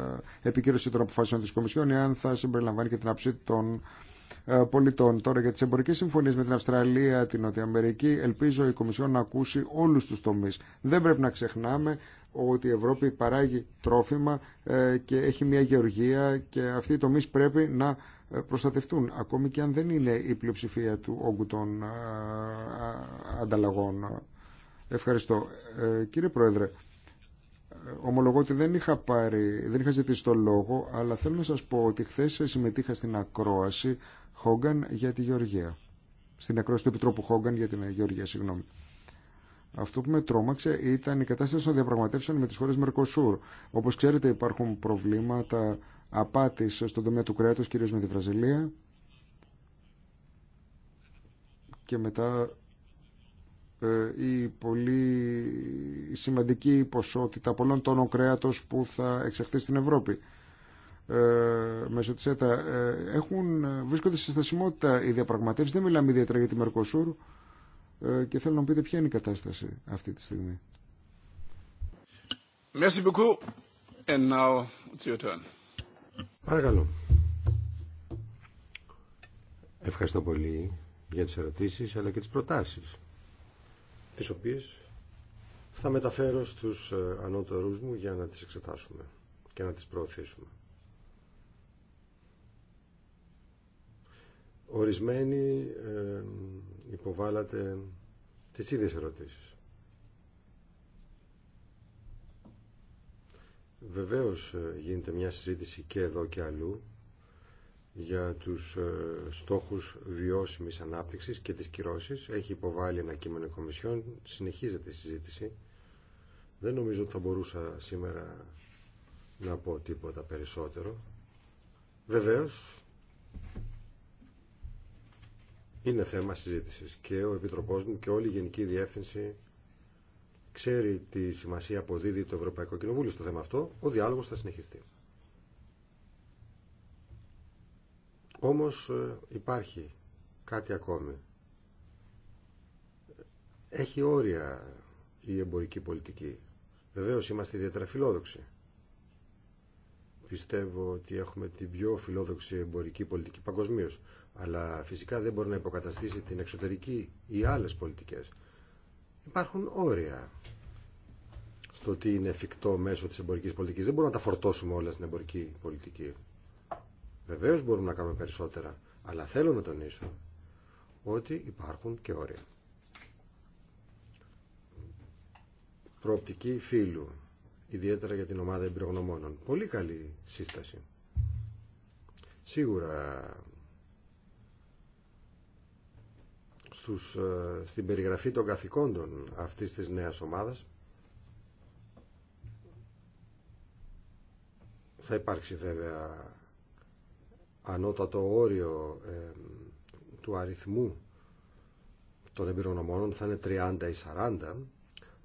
επικύρωση των αποφάσεων της Κομισιόν ή αν θα συμπεριλαμβάνει και την άψη των ε, πολιτών. Τώρα για τις εμπορικές συμφωνίες με την Αυστραλία, την Νότια Αμερική, ελπίζω η Κομισιόν να ακούσει όλους τους τομείς. Δεν πρέπει να ξεχνάμε ότι η Ευρώπη παράγει τρόφιμα και έχει μια γεωργία και αυτοί οι τομείς πρέπει να ε, προστατευτούν ακόμη και αν δεν είναι η πλειοψηφία του όγκου των ε, ε, ανταλλαγών. Ευχαριστώ. Κύριε Πρόεδρε, ομολογώ ότι δεν είχα, πάρει, δεν είχα ζητήσει το λόγο, αλλά θέλω να σας πω ότι χθε συμμετείχα στην ακρόαση Χόγκαν για τη Γεωργία. Στην ακρόαση του Επιτρόπου Χόγκαν για την Γεωργία, συγγνώμη. Αυτό που με τρόμαξε ήταν η κατάσταση των διαπραγματεύσεων με τις χώρες Μερκοσούρ. Όπως ξέρετε υπάρχουν προβλήματα Απάτη στον τομέα του κρέατος, κυρίως με τη Βραζιλία. Και μετά ε, η πολύ σημαντική ποσότητα πολλών τόνων κρέατος που θα εξαχθεί στην Ευρώπη ε, μέσω της ΕΤΑ ε, έχουν, ε, βρίσκονται σε στασιμότητα οι διαπραγματεύσεις δεν μιλάμε ιδιαίτερα για τη Μερκοσούρ ε, και θέλω να μου πείτε ποια είναι η κατάσταση αυτή τη στιγμή Παρακαλώ. Ευχαριστώ πολύ για τις ερωτήσεις αλλά και τις προτάσεις τις οποίες θα μεταφέρω στους ε, ανώτερους μου για να τις εξετάσουμε και να τις προωθήσουμε. Ορισμένοι ε, υποβάλλατε τις ίδιες ερωτήσεις. Βεβαίως ε, γίνεται μια συζήτηση και εδώ και αλλού για τους ε, στόχους βιώσιμης ανάπτυξης και τις κυρώσεις. Έχει υποβάλει ένα κείμενο κομισιόν, συνεχίζεται η συζήτηση. Δεν νομίζω ότι θα μπορούσα σήμερα να πω τίποτα περισσότερο. Βεβαίως, είναι θέμα συζήτησης και ο Επιτροπός μου και όλη η Γενική Διεύθυνση ξέρει τη σημασία που δίδει το Ευρωπαϊκό Κοινοβούλιο στο θέμα αυτό, ο διάλογος θα συνεχιστεί. Όμως ε, υπάρχει κάτι ακόμη. Έχει όρια η εμπορική πολιτική. Βεβαίως είμαστε ιδιαίτερα φιλόδοξοι. Πιστεύω ότι έχουμε την πιο φιλόδοξη εμπορική πολιτική παγκοσμίω. Αλλά φυσικά δεν μπορεί να υποκαταστήσει την εξωτερική ή άλλες πολιτικές. Υπάρχουν όρια στο τι είναι εφικτό μέσω της εμπορικής πολιτικής. Δεν μπορούμε να τα φορτώσουμε όλα στην εμπορική πολιτική. Βεβαίως μπορούμε να κάνουμε περισσότερα, αλλά θέλω να τονίσω ότι υπάρχουν και όρια. Προοπτική φύλου, ιδιαίτερα για την ομάδα εμπειρογνωμόνων. Πολύ καλή σύσταση. Σίγουρα στους, ε, στην περιγραφή των καθηκόντων αυτής της νέας ομάδας θα υπάρξει βέβαια ανώτατο όριο ε, του αριθμού των εμπειρονομών, θα είναι 30 ή 40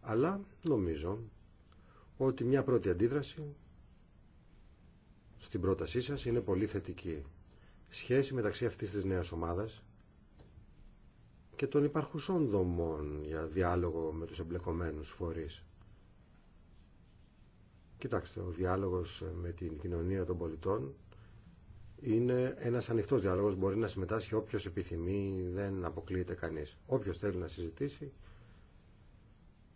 αλλά νομίζω ότι μια πρώτη αντίδραση στην πρότασή σας είναι πολύ θετική σχέση μεταξύ αυτής της νέας ομάδας και των υπαρχουσών δομών για διάλογο με τους εμπλεκομένους φορείς. Κοιτάξτε, ο διάλογος με την κοινωνία των πολιτών είναι ένας ανοιχτός διάλογος, μπορεί να συμμετάσχει όποιος επιθυμεί, δεν αποκλείεται κανείς. Όποιος θέλει να συζητήσει,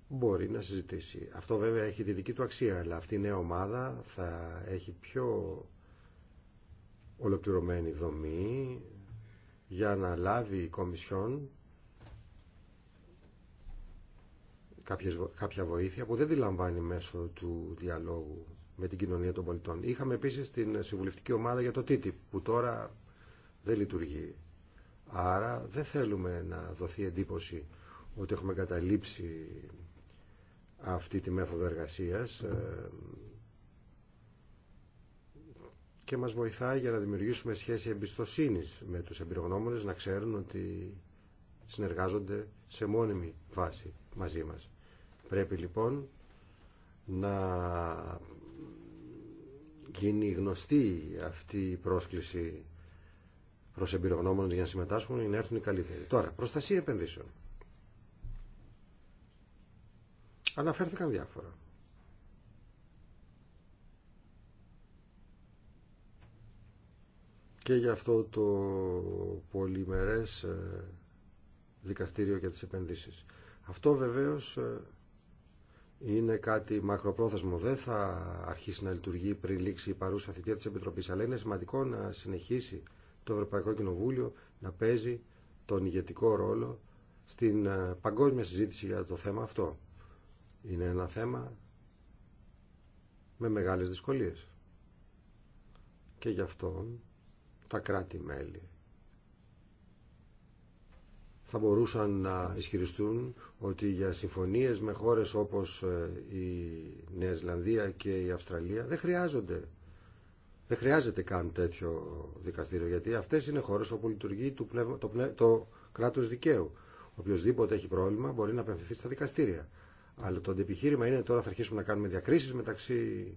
μπορεί να συζητήσει. Αυτό βέβαια έχει τη δική του αξία, αλλά αυτή η νέα ομάδα θα έχει πιο ολοκληρωμένη δομή για να λάβει η Κομισιόν κάποιες, κάποια βοήθεια που δεν τη λαμβάνει μέσω του διαλόγου με την κοινωνία των πολιτών. Είχαμε επίσης την συμβουλευτική ομάδα για το TTIP που τώρα δεν λειτουργεί. Άρα δεν θέλουμε να δοθεί εντύπωση ότι έχουμε καταλήψει αυτή τη μέθοδο εργασίας ε, και μας βοηθάει για να δημιουργήσουμε σχέση εμπιστοσύνης με τους εμπειρογνώμονες να ξέρουν ότι συνεργάζονται σε μόνιμη βάση μαζί μας. Πρέπει λοιπόν να γίνει γνωστή αυτή η πρόσκληση προς εμπειρογνώμονες για να συμμετάσχουν ή να έρθουν οι καλύτεροι. Τώρα, προστασία επενδύσεων. Αναφέρθηκαν διάφορα. Και για αυτό το πολυμερές ε, δικαστήριο για τις επενδύσεις. Αυτό βεβαίως ε, είναι κάτι μακροπρόθεσμο. Δεν θα αρχίσει να λειτουργεί πριν λήξει η παρούσα θητεία τη επιτροπή, αλλά είναι σημαντικό να συνεχίσει το Ευρωπαϊκό Κοινοβούλιο να παίζει τον ηγετικό ρόλο στην ε, παγκόσμια συζήτηση για το θέμα αυτό. Είναι ένα θέμα με μεγάλες δυσκολίες. Και γι' αυτό τα κράτη-μέλη θα μπορούσαν να ισχυριστούν ότι για συμφωνίες με χώρες όπως ε, η Νέα Ζηλανδία και η Αυστραλία δεν χρειάζονται. Δεν χρειάζεται καν τέτοιο δικαστήριο γιατί αυτές είναι χώρες όπου λειτουργεί το, το κράτος δικαίου. Οποιοδήποτε έχει πρόβλημα μπορεί να απευθυνθεί στα δικαστήρια. Αλλά το αντιπιχείρημα είναι τώρα θα αρχίσουμε να κάνουμε διακρίσεις μεταξύ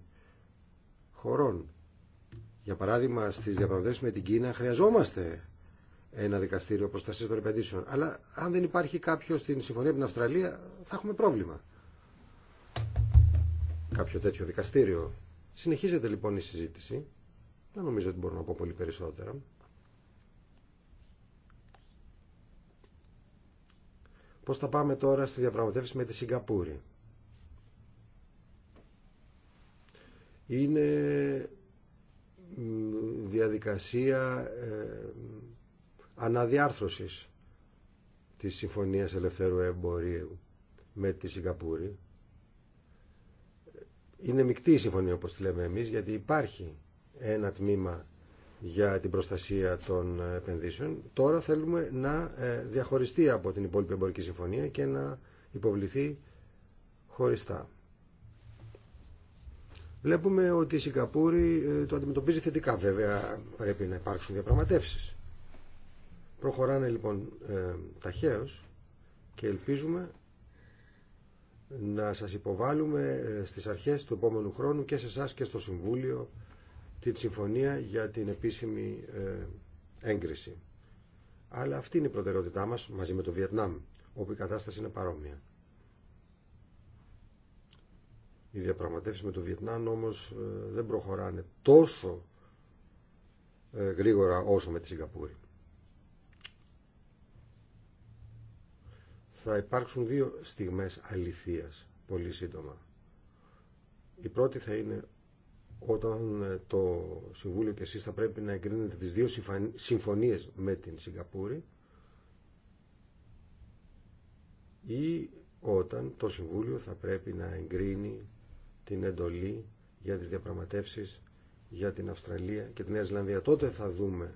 χωρών. Για παράδειγμα στις διαπραγματεύσεις με την Κίνα χρειαζόμαστε ένα δικαστήριο προστασία των επενδύσεων. Αλλά αν δεν υπάρχει κάποιο στην συμφωνία με την Αυστραλία, θα έχουμε πρόβλημα. Κάποιο τέτοιο δικαστήριο. Συνεχίζεται λοιπόν η συζήτηση. Δεν νομίζω ότι μπορώ να πω πολύ περισσότερα. Πώς θα πάμε τώρα στη διαπραγματεύση με τη Σιγκαπούρη. Είναι διαδικασία ε, αναδιάρθρωσης της Συμφωνίας Ελευθέρου Εμπορίου με τη Σιγκαπούρη. Είναι μεικτή η συμφωνία όπως τη λέμε εμείς γιατί υπάρχει ένα τμήμα για την προστασία των επενδύσεων. Τώρα θέλουμε να ε, διαχωριστεί από την υπόλοιπη εμπορική συμφωνία και να υποβληθεί χωριστά. Βλέπουμε ότι η Σιγκαπούρη ε, το αντιμετωπίζει θετικά. Βέβαια πρέπει να υπάρξουν διαπραγματεύσεις. Προχωράνε λοιπόν ε, και ελπίζουμε να σας υποβάλουμε ε, στις αρχές του επόμενου χρόνου και σε εσά και στο Συμβούλιο την συμφωνία για την επίσημη ε, έγκριση. Αλλά αυτή είναι η προτεραιότητά μας μαζί με το Βιετνάμ, όπου η κατάσταση είναι παρόμοια. Οι διαπραγματεύσεις με το Βιετνάμ όμως ε, δεν προχωράνε τόσο γρήγορα όσο με τη Σιγκαπούρη. θα υπάρξουν δύο στιγμές αληθείας πολύ σύντομα. Η πρώτη θα είναι όταν ε, το Συμβούλιο και εσείς θα πρέπει να εγκρίνετε τις δύο συμφωνίες με την Σιγκαπούρη ή όταν το Συμβούλιο θα πρέπει να εγκρίνει την εντολή για τις διαπραγματεύσεις για την Αυστραλία και την Νέα Ζηλανδία. Τότε θα δούμε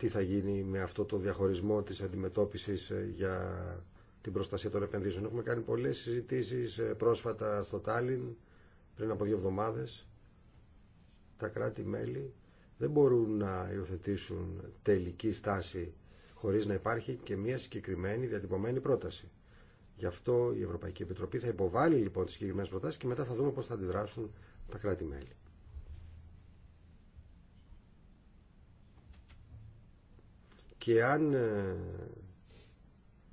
τι θα γίνει με αυτό το διαχωρισμό της αντιμετώπισης ε, για την προστασία των επενδύσεων. Έχουμε κάνει πολλέ συζητήσει ε, πρόσφατα στο Τάλιν, πριν από δύο εβδομάδες. Τα κράτη-μέλη δεν μπορούν να υιοθετήσουν τελική στάση χωρίς να υπάρχει και μια συγκεκριμένη διατυπωμένη πρόταση. Γι' αυτό η Ευρωπαϊκή Επιτροπή θα υποβάλει λοιπόν τις συγκεκριμένες προτάσεις και μετά θα δούμε πώς θα αντιδράσουν τα κράτη-μέλη. και αν ε,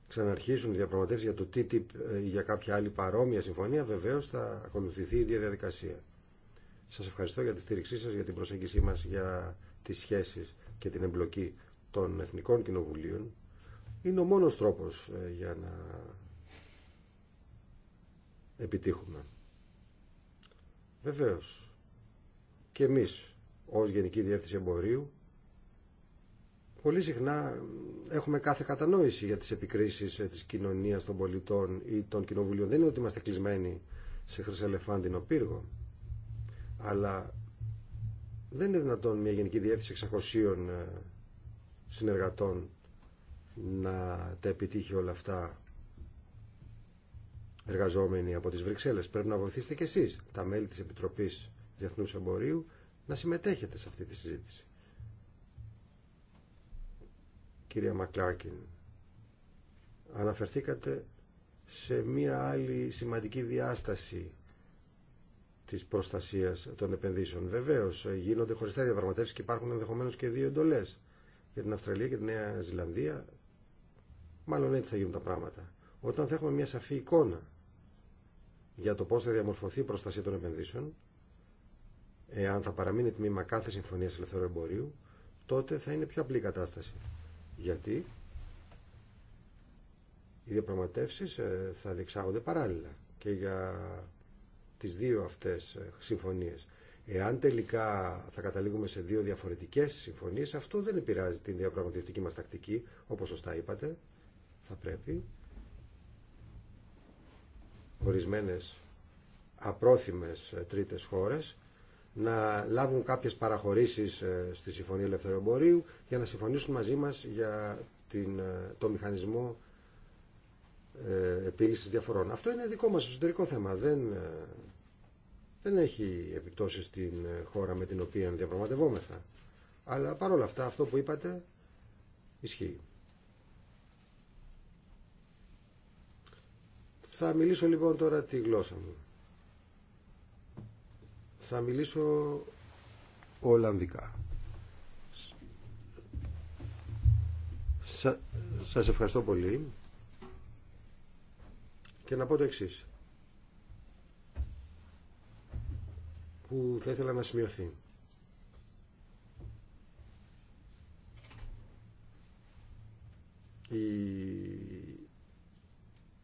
ξαναρχίσουν οι διαπραγματεύσεις για το TTIP ε, ή για κάποια άλλη παρόμοια συμφωνία, βεβαίως θα ακολουθηθεί η ίδια διαδικασία. Σας ευχαριστώ για τη στήριξή σας, για την προσέγγισή μας, για τις σχέσεις και την εμπλοκή των Εθνικών Κοινοβουλίων. Είναι ο μόνος τρόπος ε, για να επιτύχουμε. Βεβαίως. Και εμείς ως Γενική Διεύθυνση Εμπορίου πολύ συχνά έχουμε κάθε κατανόηση για τις επικρίσεις ε, της κοινωνίας των πολιτών ή των κοινοβουλίων. Δεν είναι ότι είμαστε κλεισμένοι σε χρυσελεφάντινο πύργο, αλλά δεν είναι δυνατόν μια γενική διεύθυνση 600 ε, συνεργατών να τα επιτύχει όλα αυτά εργαζόμενοι από τις Βρυξέλλες. Πρέπει να βοηθήσετε κι εσείς, τα μέλη της Επιτροπής Διεθνούς Εμπορίου, να συμμετέχετε σε αυτή τη συζήτηση κυρία Μακλάρκιν. Αναφερθήκατε σε μία άλλη σημαντική διάσταση της προστασίας των επενδύσεων. Βεβαίως, γίνονται χωριστά διαπραγματεύσεις και υπάρχουν ενδεχομένως και δύο εντολές για την Αυστραλία και τη Νέα Ζηλανδία. Μάλλον έτσι θα γίνουν τα πράγματα. Όταν θα έχουμε μια σαφή εικόνα για το πώς θα διαμορφωθεί η προστασία των επενδύσεων, εάν θα παραμείνει τμήμα κάθε συμφωνίας ελευθερού εμπορίου, τότε θα είναι πιο απλή κατάσταση γιατί οι διαπραγματεύσεις ε, θα διεξάγονται παράλληλα και για τις δύο αυτές ε, συμφωνίες. Εάν τελικά θα καταλήγουμε σε δύο διαφορετικές συμφωνίες, αυτό δεν επηρεάζει την διαπραγματευτική μας τακτική, όπως σωστά είπατε. Θα πρέπει ορισμένες απρόθυμες ε, τρίτες χώρες να λάβουν κάποιες παραχωρήσεις ε, στη Συμφωνία Ελευθερωμπορίου για να συμφωνήσουν μαζί μας για την, ε, το μηχανισμό ε, διαφορών. Αυτό είναι δικό μας εσωτερικό θέμα. Δεν, ε, δεν έχει επιπτώσει στην χώρα με την οποία διαπραγματευόμεθα. Αλλά παρόλα αυτά αυτό που είπατε ισχύει. Θα μιλήσω λοιπόν τώρα τη γλώσσα μου. Θα μιλήσω Ολλανδικά. Σα, σας ευχαριστώ πολύ και να πω το εξής που θα ήθελα να σημειωθεί. Η,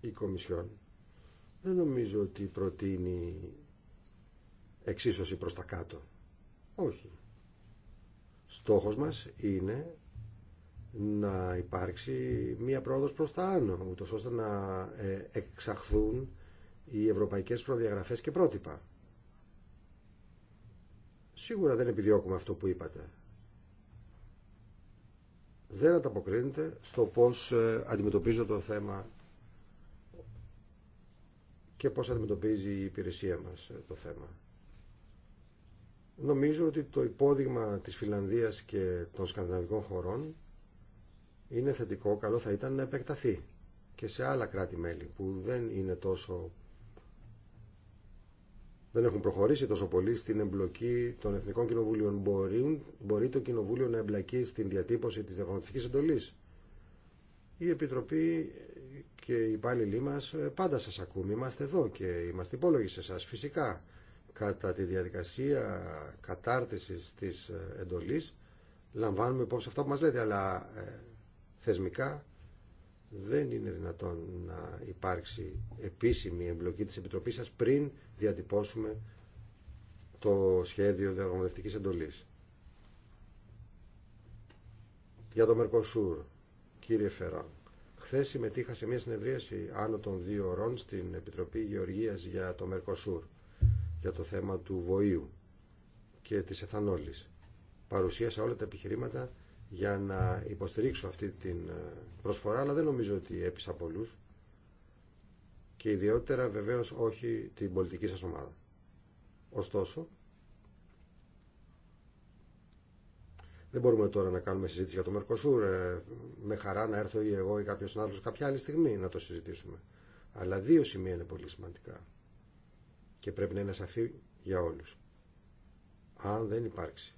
η Κομισιόν δεν νομίζω ότι προτείνει εξίσωση προς τα κάτω. Όχι. Στόχος μας είναι να υπάρξει μία πρόοδος προς τα άνω, ούτως ώστε να ε, εξαχθούν οι ευρωπαϊκές προδιαγραφές και πρότυπα. Σίγουρα δεν επιδιώκουμε αυτό που είπατε. Δεν ανταποκρίνεται στο πώς ε, αντιμετωπίζω το θέμα και πώς αντιμετωπίζει η υπηρεσία μας ε, το θέμα. Νομίζω ότι το υπόδειγμα της Φιλανδίας και των σκανδιναβικών χωρών είναι θετικό, καλό θα ήταν να επεκταθεί και σε άλλα κράτη-μέλη που δεν είναι τόσο δεν έχουν προχωρήσει τόσο πολύ στην εμπλοκή των Εθνικών Κοινοβουλίων. Μπορεί, μπορεί το Κοινοβούλιο να εμπλακεί στην διατύπωση της διαπραγματευτικής εντολής. Η Επιτροπή και οι υπάλληλοι μας πάντα σας ακούμε. Είμαστε εδώ και είμαστε υπόλογοι σε εσά. Φυσικά κατά τη διαδικασία κατάρτισης της ε, εντολής λαμβάνουμε υπόψη αυτά που μας λέτε αλλά ε, θεσμικά δεν είναι δυνατόν να υπάρξει επίσημη εμπλοκή της Επιτροπής σας πριν διατυπώσουμε το σχέδιο διαγωνιστικής εντολής. Για το Μερκοσούρ, κύριε Φεράν, χθε συμμετείχα σε μια συνεδρίαση άνω των δύο ωρών στην Επιτροπή Γεωργίας για το Μερκοσούρ για το θέμα του βοήου και της εθανόλης. Παρουσίασα όλα τα επιχειρήματα για να υποστηρίξω αυτή την ε, προσφορά, αλλά δεν νομίζω ότι έπεισα πολλούς και ιδιότερα βεβαίως όχι την πολιτική σας ομάδα. Ωστόσο, δεν μπορούμε τώρα να κάνουμε συζήτηση για το Μερκοσούρ. Ε, με χαρά να έρθω ή εγώ ή κάποιος άλλος κάποια άλλη στιγμή να το συζητήσουμε. Αλλά δύο σημεία είναι πολύ σημαντικά και πρέπει να είναι σαφή για όλους. Αν δεν υπάρξει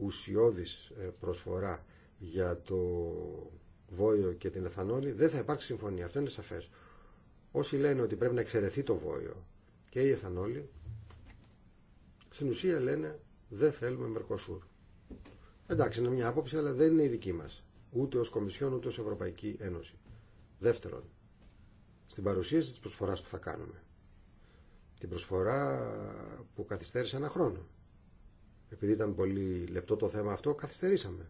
ουσιώδης ε, προσφορά για το βόιο και την εθανόλη, δεν θα υπάρξει συμφωνία. Αυτό είναι σαφές. Όσοι λένε ότι πρέπει να εξαιρεθεί το βόιο και η εθανόλη, στην ουσία λένε δεν θέλουμε Μερκοσούρ. Εντάξει, είναι μια άποψη, αλλά δεν είναι η δική μα. Ούτε ως Κομισιόν, ούτε ω Ευρωπαϊκή Ένωση. Δεύτερον, στην παρουσίαση τη προσφορά που θα κάνουμε την προσφορά που καθυστέρησε ένα χρόνο. Επειδή ήταν πολύ λεπτό το θέμα αυτό, καθυστερήσαμε.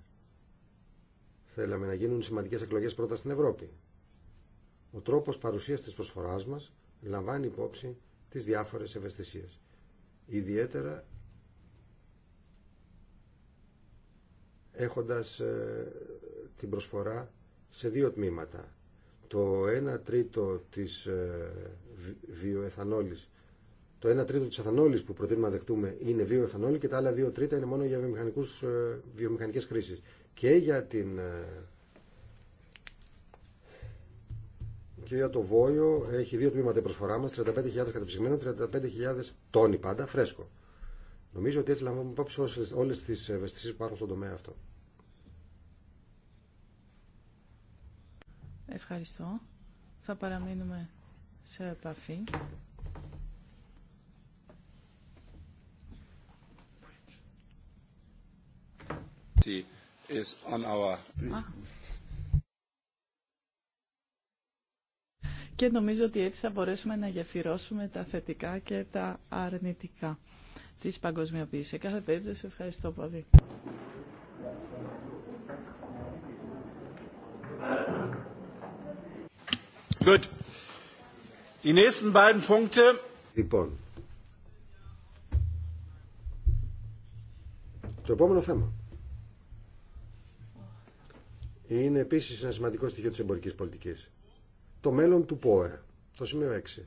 Θέλαμε να γίνουν σημαντικές εκλογές πρώτα στην Ευρώπη. Ο τρόπος παρουσίας της προσφοράς μας λαμβάνει υπόψη τις διάφορες ευαισθησίες. Ιδιαίτερα έχοντας ε, την προσφορά σε δύο τμήματα. Το 1 τρίτο της ε, βιοεθανόλης το 1 τρίτο τη Αθανόλη που προτείνουμε να δεχτούμε είναι βιοεθανόλη και τα άλλα 2 τρίτα είναι μόνο για ε, βιομηχανικέ χρήσει. Και για την. Ε, και για το βόλιο έχει δύο τμήματα η προσφορά μα, 35.000 κατεψυγμένα, 35.000 τόνοι πάντα, φρέσκο. Νομίζω ότι έτσι λαμβάνουμε υπόψη όλε τι ευαισθησίε που υπάρχουν στον τομέα αυτό. Ευχαριστώ. Θα παραμείνουμε σε επαφή. is on our... Και νομίζω ότι έτσι θα μπορέσουμε να γεφυρώσουμε τα θετικά και τα αρνητικά της παγκοσμιοποίησης. Σε κάθε περίπτωση ευχαριστώ πολύ. Good. Die nächsten beiden Punkte. Λοιπόν, το επόμενο θέμα είναι επίση ένα σημαντικό στοιχείο τη εμπορικής πολιτικής. Το μέλλον του ΠΟΕ, το σημείο 6.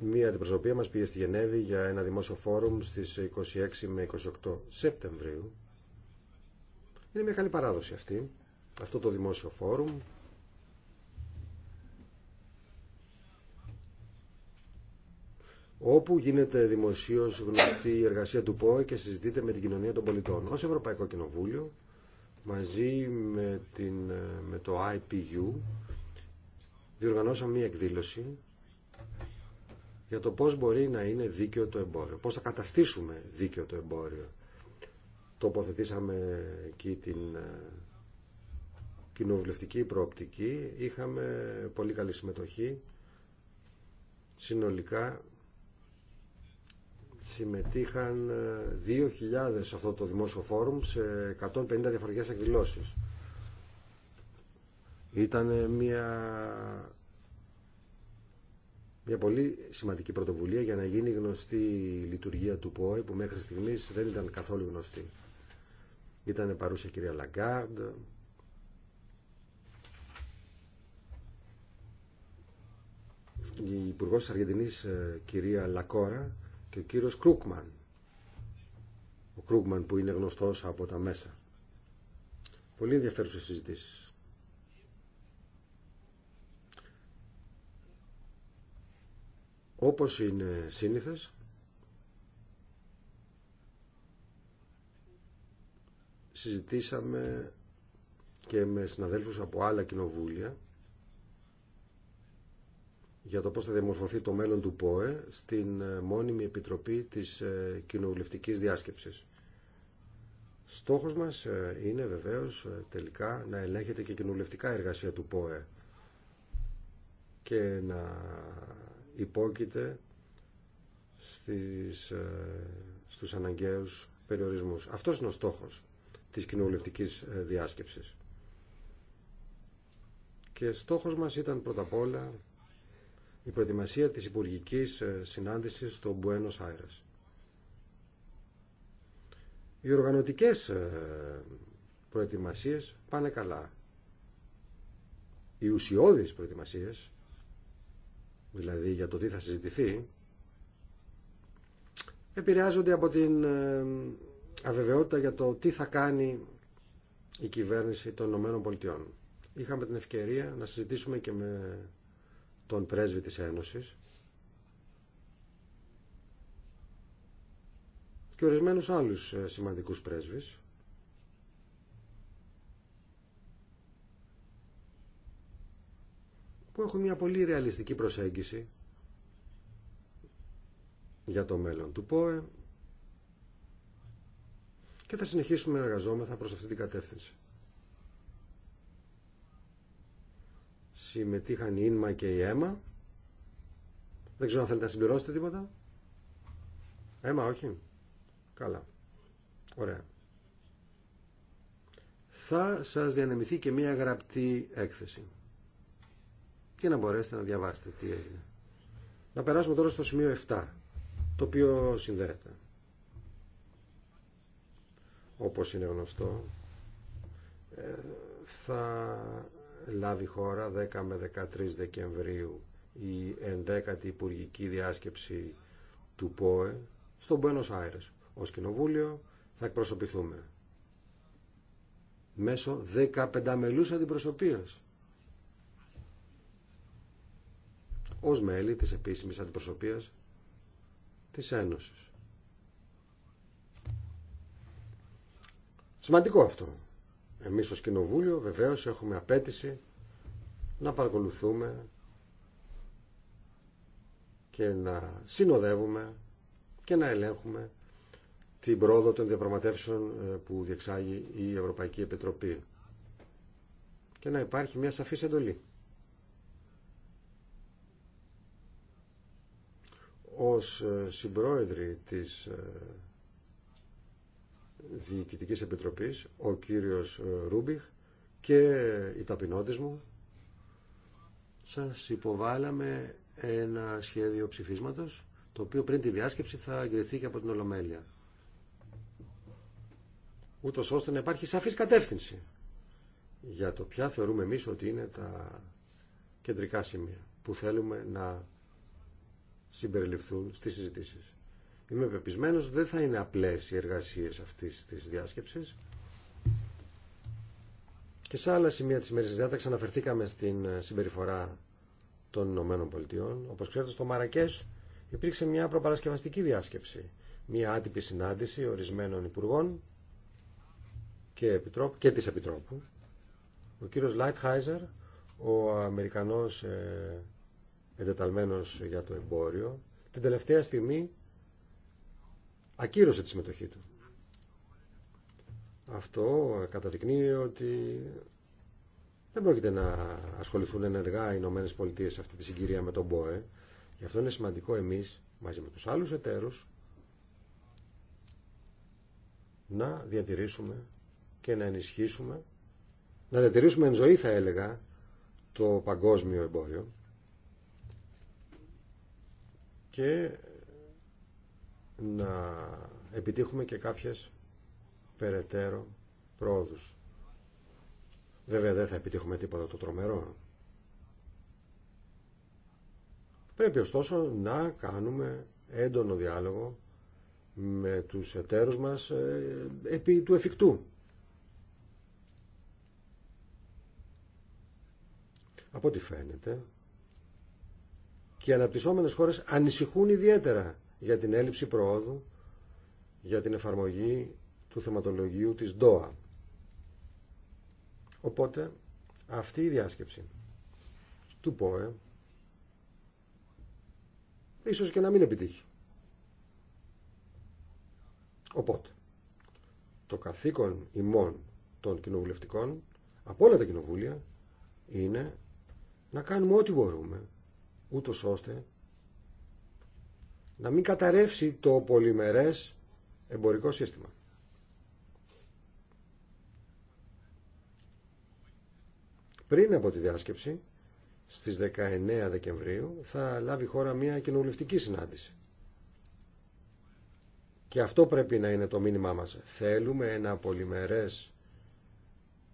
Μία αντιπροσωπεία μας πήγε στη Γενέβη για ένα δημόσιο φόρουμ στις 26 με 28 Σεπτεμβρίου. Είναι μια καλή παράδοση αυτή, αυτό το δημόσιο φόρουμ όπου γίνεται δημοσίω γνωστή η εργασία του ΠΟΕ και συζητείται με την κοινωνία των πολιτών. Ω Ευρωπαϊκό Κοινοβούλιο, μαζί με, ε, το IPU, διοργανώσαμε μία εκδήλωση για το πώς μπορεί να είναι δίκαιο το εμπόριο, πώς θα καταστήσουμε δίκαιο το εμπόριο. Τοποθετήσαμε εκεί την ε, κοινοβουλευτική προοπτική, είχαμε πολύ καλή συμμετοχή, συνολικά συμμετείχαν 2.000 ε, σε αυτό το δημόσιο φόρουμ σε 150 διαφορετικές εκδηλώσεις. Ήταν μια, μια πολύ σημαντική πρωτοβουλία για να γίνει γνωστή η λειτουργία του ΠΟΕ που μέχρι στιγμής δεν ήταν καθόλου γνωστή. Ήταν παρούσα η κυρία Λαγκάρντ, η Υπουργός της Αργεντινής ε, κυρία Λακόρα και ο κύριος Κρούκμαν. Ο Κρούκμαν που είναι γνωστός από τα μέσα. Πολύ ενδιαφέρουσες συζητήσεις. Όπως είναι σύνηθες, συζητήσαμε και με συναδέλφους από άλλα κοινοβούλια για το πώς θα διαμορφωθεί το μέλλον του ΠΟΕ στην ε, μόνιμη επιτροπή της ε, κοινοβουλευτικής διάσκεψης. Στόχος μας ε, είναι βεβαίως τελικά να ελέγχεται και κοινοβουλευτικά εργασία του ΠΟΕ και να υπόκειται στις, στους αναγκαίους περιορισμούς. Αυτός είναι ο στόχος της κοινοβουλευτικής διάσκεψης. Και στόχος μας ήταν πρώτα απ' όλα η προετοιμασία της υπουργικής ε, συνάντησης στο Μπουένος Άιρες. Οι οργανωτικές ε, προετοιμασίες πάνε καλά. Οι ουσιώδεις προετοιμασίες, δηλαδή για το τι θα συζητηθεί, επηρεάζονται από την ε, αβεβαιότητα για το τι θα κάνει η κυβέρνηση των ΗΠΑ. Είχαμε την ευκαιρία να συζητήσουμε και με τον πρέσβη της Ένωσης και ορισμένους άλλους ε, σημαντικούς πρέσβης που έχουν μια πολύ ρεαλιστική προσέγγιση για το μέλλον του ΠΟΕ και θα συνεχίσουμε να εργαζόμεθα προς αυτή την κατεύθυνση. συμμετείχαν η Ίνμα και η ΕΜΑ. Δεν ξέρω αν θέλετε να συμπληρώσετε τίποτα. Έμα, όχι. Καλά. Ωραία. Θα σας διανεμηθεί και μία γραπτή έκθεση. Και να μπορέσετε να διαβάσετε τι έγινε. Να περάσουμε τώρα στο σημείο 7, το οποίο συνδέεται. Όπως είναι γνωστό, ε, θα λάβει χώρα 10 με 13 Δεκεμβρίου η 11η Υπουργική Διάσκεψη του ΠΟΕ στο Πένο. Άιρες. Ως Κοινοβούλιο θα εκπροσωπηθούμε μέσω 15 μελούς αντιπροσωπείας ως μέλη της επίσημης αντιπροσωπείας της Ένωσης. Σημαντικό αυτό. Εμείς ως Κοινοβούλιο βεβαίως έχουμε απέτηση να παρακολουθούμε και να συνοδεύουμε και να ελέγχουμε την πρόοδο των διαπραγματεύσεων ε, που διεξάγει η Ευρωπαϊκή Επιτροπή και να υπάρχει μια σαφής εντολή. Ως ε, συμπρόεδροι της ε, Διοικητικής Επιτροπής, ο κύριος ε, Ρούμπιχ και η ταπεινώτε μου, σας υποβάλαμε ένα σχέδιο ψηφίσματος, το οποίο πριν τη διάσκεψη θα εγκριθεί και από την Ολομέλεια. Ούτως ώστε να υπάρχει σαφής κατεύθυνση για το ποια θεωρούμε εμείς ότι είναι τα κεντρικά σημεία που θέλουμε να συμπεριληφθούν στις συζητήσεις. Είμαι πεπισμένο ότι δεν θα είναι απλές οι εργασίες αυτή της διάσκεψης. Και σε άλλα σημεία τη σημερινής διάταξη αναφερθήκαμε στην ε, συμπεριφορά των Ηνωμένων Πολιτειών. Όπως ξέρετε στο Μαρακές υπήρξε μια προπαρασκευαστική διάσκεψη, μια άτυπη συνάντηση ορισμένων υπουργών και, επιτρόπου, και της Επιτρόπου. Ο κύριος Λάιτχάιζερ, ο Αμερικανός ε, εντεταλμένος για το εμπόριο, την τελευταία στιγμή ακύρωσε τη συμμετοχή του. Αυτό καταδεικνύει ότι δεν πρόκειται να ασχοληθούν ενεργά οι Ηνωμένε Πολιτείε σε αυτή τη συγκυρία με τον ΠΟΕ. Γι' αυτό είναι σημαντικό εμείς μαζί με τους άλλους εταίρους να διατηρήσουμε και να ενισχύσουμε να διατηρήσουμε εν ζωή θα έλεγα το παγκόσμιο εμπόριο και να επιτύχουμε και κάποιες περαιτέρω πρόοδους. Βέβαια δεν θα επιτύχουμε τίποτα το τρομερό. Πρέπει ωστόσο να κάνουμε έντονο διάλογο με τους εταίρους μας ε, επί του εφικτού. Από ό,τι φαίνεται και οι αναπτυσσόμενες χώρες ανησυχούν ιδιαίτερα για την έλλειψη προόδου για την εφαρμογή του θεματολογίου της ΔΟΑ. Οπότε αυτή η διάσκεψη του ΠΟΕ ίσως και να μην επιτύχει. Οπότε, το καθήκον ημών των κοινοβουλευτικών από όλα τα κοινοβούλια είναι να κάνουμε ό,τι μπορούμε ούτως ώστε να μην καταρρεύσει το πολυμερές εμπορικό σύστημα. Πριν από τη διάσκεψη, στις 19 Δεκεμβρίου, θα λάβει η χώρα μια κοινοβουλευτική συνάντηση. Και αυτό πρέπει να είναι το μήνυμά μας. Θέλουμε ένα πολυμερές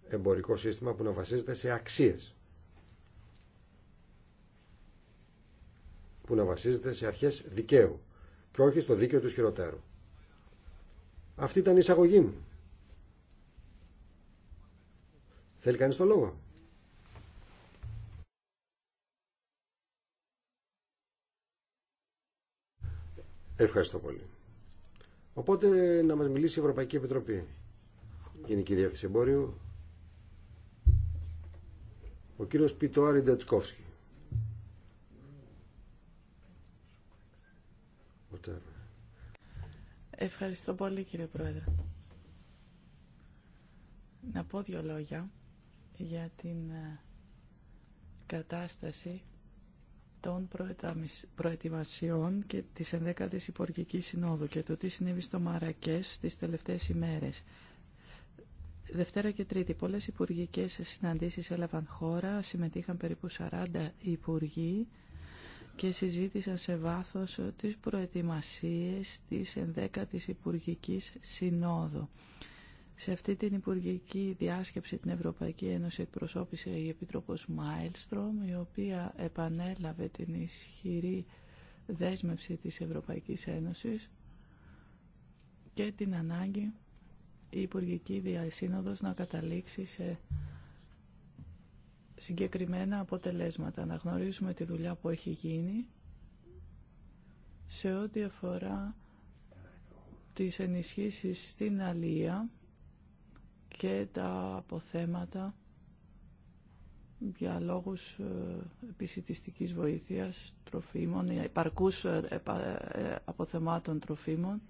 εμπορικό σύστημα που να βασίζεται σε αξίες. που να βασίζεται σε αρχές δικαίου και όχι στο δίκαιο του χειροτέρου. Αυτή ήταν η εισαγωγή μου. Θέλει κανείς το λόγο. Ευχαριστώ πολύ. Οπότε να μας μιλήσει η Ευρωπαϊκή Επιτροπή. Γενική Διεύθυνση Εμπόριου. Ο κύριος Πιτοάρη Ντετσκόφσκι. Ευχαριστώ πολύ κύριε Πρόεδρε. Να πω δύο λόγια για την ε, κατάσταση των προετοιμασιών και της 11 η Υπουργικής Συνόδου και το τι συνέβη στο Μαρακές τις τελευταίες ημέρες. Δευτέρα και Τρίτη πολλές υπουργικές συναντήσεις έλαβαν χώρα, συμμετείχαν περίπου 40 υπουργοί και συζήτησαν σε βάθος ε, τις προετοιμασίες της 11ης Υπουργικής Συνόδου. Σε αυτή την Υπουργική Διάσκεψη την Ευρωπαϊκή Ένωση εκπροσώπησε η Επίτροπος Μάιλστρομ, η οποία επανέλαβε την ισχυρή δέσμευση της Ευρωπαϊκής Ένωσης και την ανάγκη η Υπουργική Διασύνοδος να καταλήξει σε συγκεκριμένα αποτελέσματα, να γνωρίζουμε τη δουλειά που έχει γίνει σε ό,τι αφορά τις ενισχύσεις στην αλία και τα αποθέματα για λόγους ε, επισητιστικής βοήθειας τροφίμων, ε, υπαρκούς ε, αποθεμάτων τροφίμων.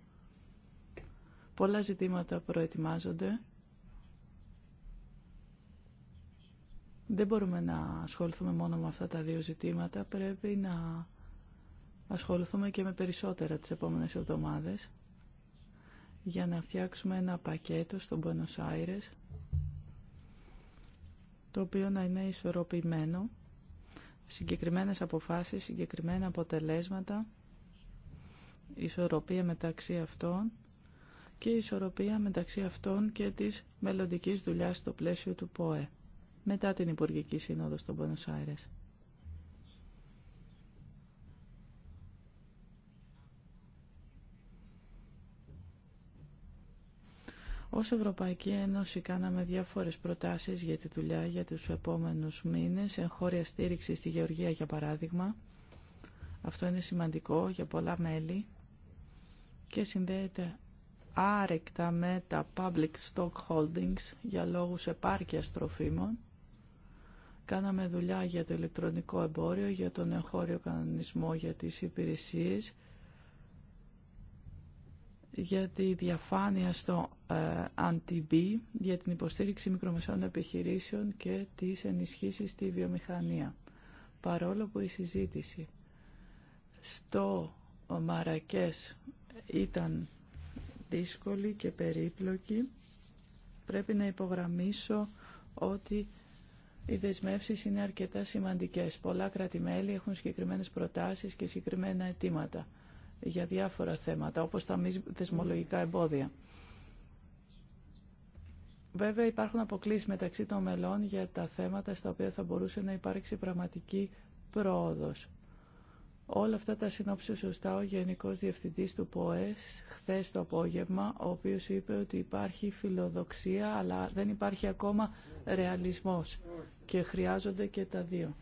Πολλά ζητήματα προετοιμάζονται Δεν μπορούμε να ασχοληθούμε μόνο με αυτά τα δύο ζητήματα, πρέπει να ασχοληθούμε και με περισσότερα τις επόμενες εβδομάδες για να φτιάξουμε ένα πακέτο στον Buenos το οποίο να είναι ισορροπημένο συγκεκριμένες αποφάσεις, συγκεκριμένα αποτελέσματα ισορροπία μεταξύ αυτών και ισορροπία μεταξύ αυτών και της μελλοντικής δουλειάς στο πλαίσιο του ΠΟΕ μετά την Υπουργική Σύνοδο στον Πόνος Άιρες. Ως Ευρωπαϊκή Ένωση κάναμε διάφορες προτάσεις για τη δουλειά για τους επόμενους μήνες, εγχώρια στήριξη στη Γεωργία για παράδειγμα. Αυτό είναι σημαντικό για πολλά μέλη και συνδέεται άρεκτα με τα public stock holdings για λόγους επάρκειας τροφίμων. Κάναμε δουλειά για το ηλεκτρονικό εμπόριο, για τον εγχώριο κανονισμό, για τις υπηρεσίες, για τη διαφάνεια στο ε, ANTB, για την υποστήριξη μικρομεσαίων επιχειρήσεων και τις ενισχύσεις στη βιομηχανία. Παρόλο που η συζήτηση στο Μαρακές ήταν δύσκολη και περίπλοκη, πρέπει να υπογραμμίσω ότι οι δεσμεύσει είναι σημαντικέ. σημαντικές. Πολλά κράτη-μέλη έχουν συγκεκριμένες προτάσεις και συγκεκριμένα αιτήματα για διάφορα θέματα, όπως τα μη δεσμολογικά εμπόδια. Βέβαια υπάρχουν αποκλήσει μεταξύ των μελών για τα θέματα στα οποία θα μπορούσε να υπάρξει πραγματική πρόοδος. Όλα αυτά τα συνόψε σωστά ο Γενικός Διευθυντής του ΠΟΕΣ χθες το απόγευμα, ο οποίος είπε ότι υπάρχει φιλοδοξία αλλά δεν υπάρχει ακόμα ρεαλισμός και χρειάζονται και τα δύο.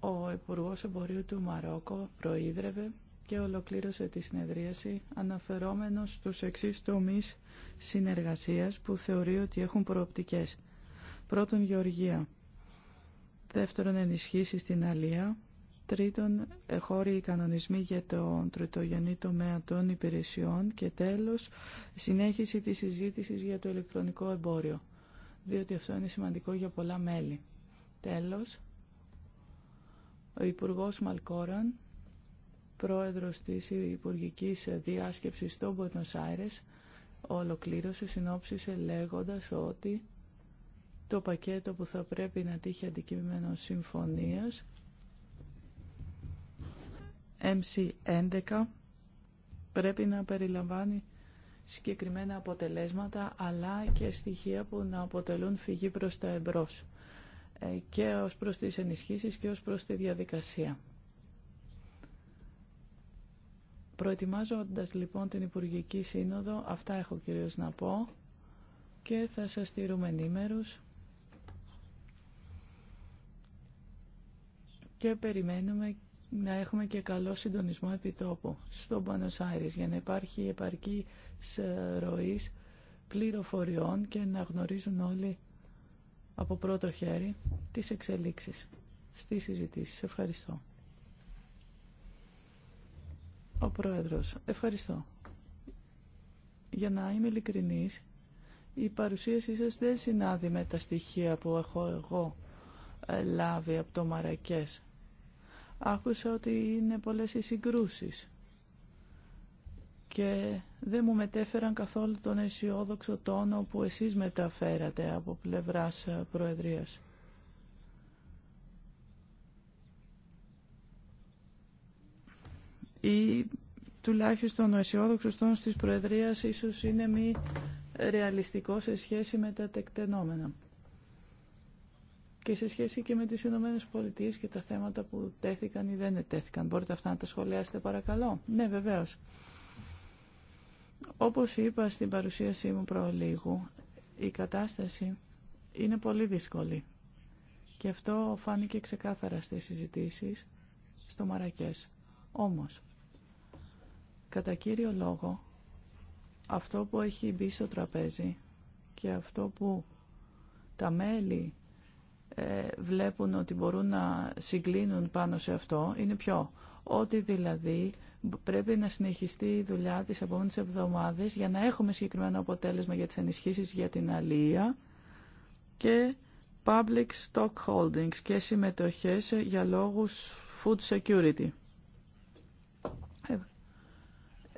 Ο Υπουργό Εμπορίου του Μαρόκο προείδρευε και ολοκλήρωσε τη συνεδρίαση αναφερόμενος στους εξής τομείς συνεργασίας που θεωρεί ότι έχουν προοπτικές. Πρώτον, γεωργία. Δεύτερον, ενισχύσει στην αλία. Τρίτον, χώροι κανονισμοί για τον τριτογενή τομέα των υπηρεσιών. Και τέλος, συνέχιση της συζήτησης για το ηλεκτρονικό εμπόριο, διότι αυτό είναι σημαντικό για πολλά μέλη. Τέλος, ο Υπουργός Μαλκόραν πρόεδρος της Υπουργικής Διάσκεψης στο Buenos ολοκλήρωσε συνόψισε λέγοντας ότι το πακέτο που θα πρέπει να τύχει αντικείμενο συμφωνίας MC11 πρέπει να περιλαμβάνει συγκεκριμένα αποτελέσματα αλλά και στοιχεία που να αποτελούν φυγή προς τα εμπρός ε, και ως προς τις ενισχύσεις και ως προς τη διαδικασία. Προετοιμάζοντας λοιπόν την Υπουργική Σύνοδο, αυτά έχω κυρίως να πω και θα σας στείλουμε ενήμερους και περιμένουμε να έχουμε και καλό συντονισμό επιτόπου στον Πανοσάρις για να υπάρχει επαρκή ροή πληροφοριών και να γνωρίζουν όλοι από πρώτο χέρι τις εξελίξεις στις συζητήσεις. Ευχαριστώ. Ο Πρόεδρος, ευχαριστώ. Για να είμαι ειλικρινής, η παρουσίασή σας δεν συνάδει με τα στοιχεία που έχω εγώ ε, λάβει από το Μαρακές. Άκουσα ότι είναι πολλές οι συγκρούσεις και δεν μου μετέφεραν καθόλου τον αισιόδοξο τόνο που εσείς μεταφέρατε από πλευράς ε, Προεδρίας. ή τουλάχιστον ο αισιόδοξο τόνο τη προεδρία ίσω είναι μη ρεαλιστικό σε σχέση με τα τεκτενόμενα και σε σχέση και με τις Ηνωμένε Πολιτείε και τα θέματα που τέθηκαν ή δεν τέθηκαν. Μπορείτε αυτά να τα σχολιάσετε παρακαλώ. Ναι, βεβαίως. Όπως είπα στην παρουσίασή μου προλίγου, η κατάσταση είναι πολύ δύσκολη. Και αυτό φάνηκε ξεκάθαρα στις συζητήσεις στο Μαρακές. Όμως, Κατά κύριο λόγο, αυτό που έχει μπει στο τραπέζι και αυτό που τα μέλη ε, βλέπουν ότι μπορούν να συγκλίνουν πάνω σε αυτό είναι πιο ότι δηλαδή πρέπει να συνεχιστεί η δουλειά τις επόμενες εβδομάδες για να έχουμε συγκεκριμένο αποτέλεσμα για τις ενισχύσεις για την αλία και public stock holdings και συμμετοχές για λόγους food security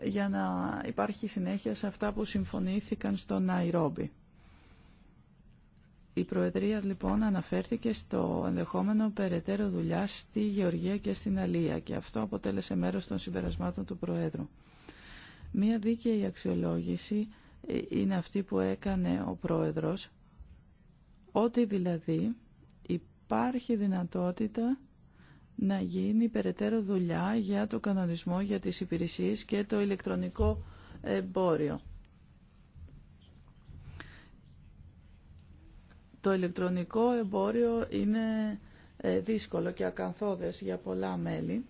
για να υπάρχει συνέχεια σε αυτά που συμφωνήθηκαν στο Ναϊρόμπι. Η Προεδρία λοιπόν αναφέρθηκε στο ενδεχόμενο περαιτέρω δουλειά στη Γεωργία και στην Αλία και αυτό αποτέλεσε μέρος των συμπερασμάτων του Προέδρου. Μία δίκαιη αξιολόγηση ε, είναι αυτή που έκανε ο Πρόεδρος, ότι δηλαδή υπάρχει δυνατότητα να γίνει περαιτέρω δουλειά για το κανονισμό για τις υπηρεσίες και το ηλεκτρονικό εμπόριο. Το ηλεκτρονικό εμπόριο είναι ε, δύσκολο και ακαθόδες για πολλά μέλη.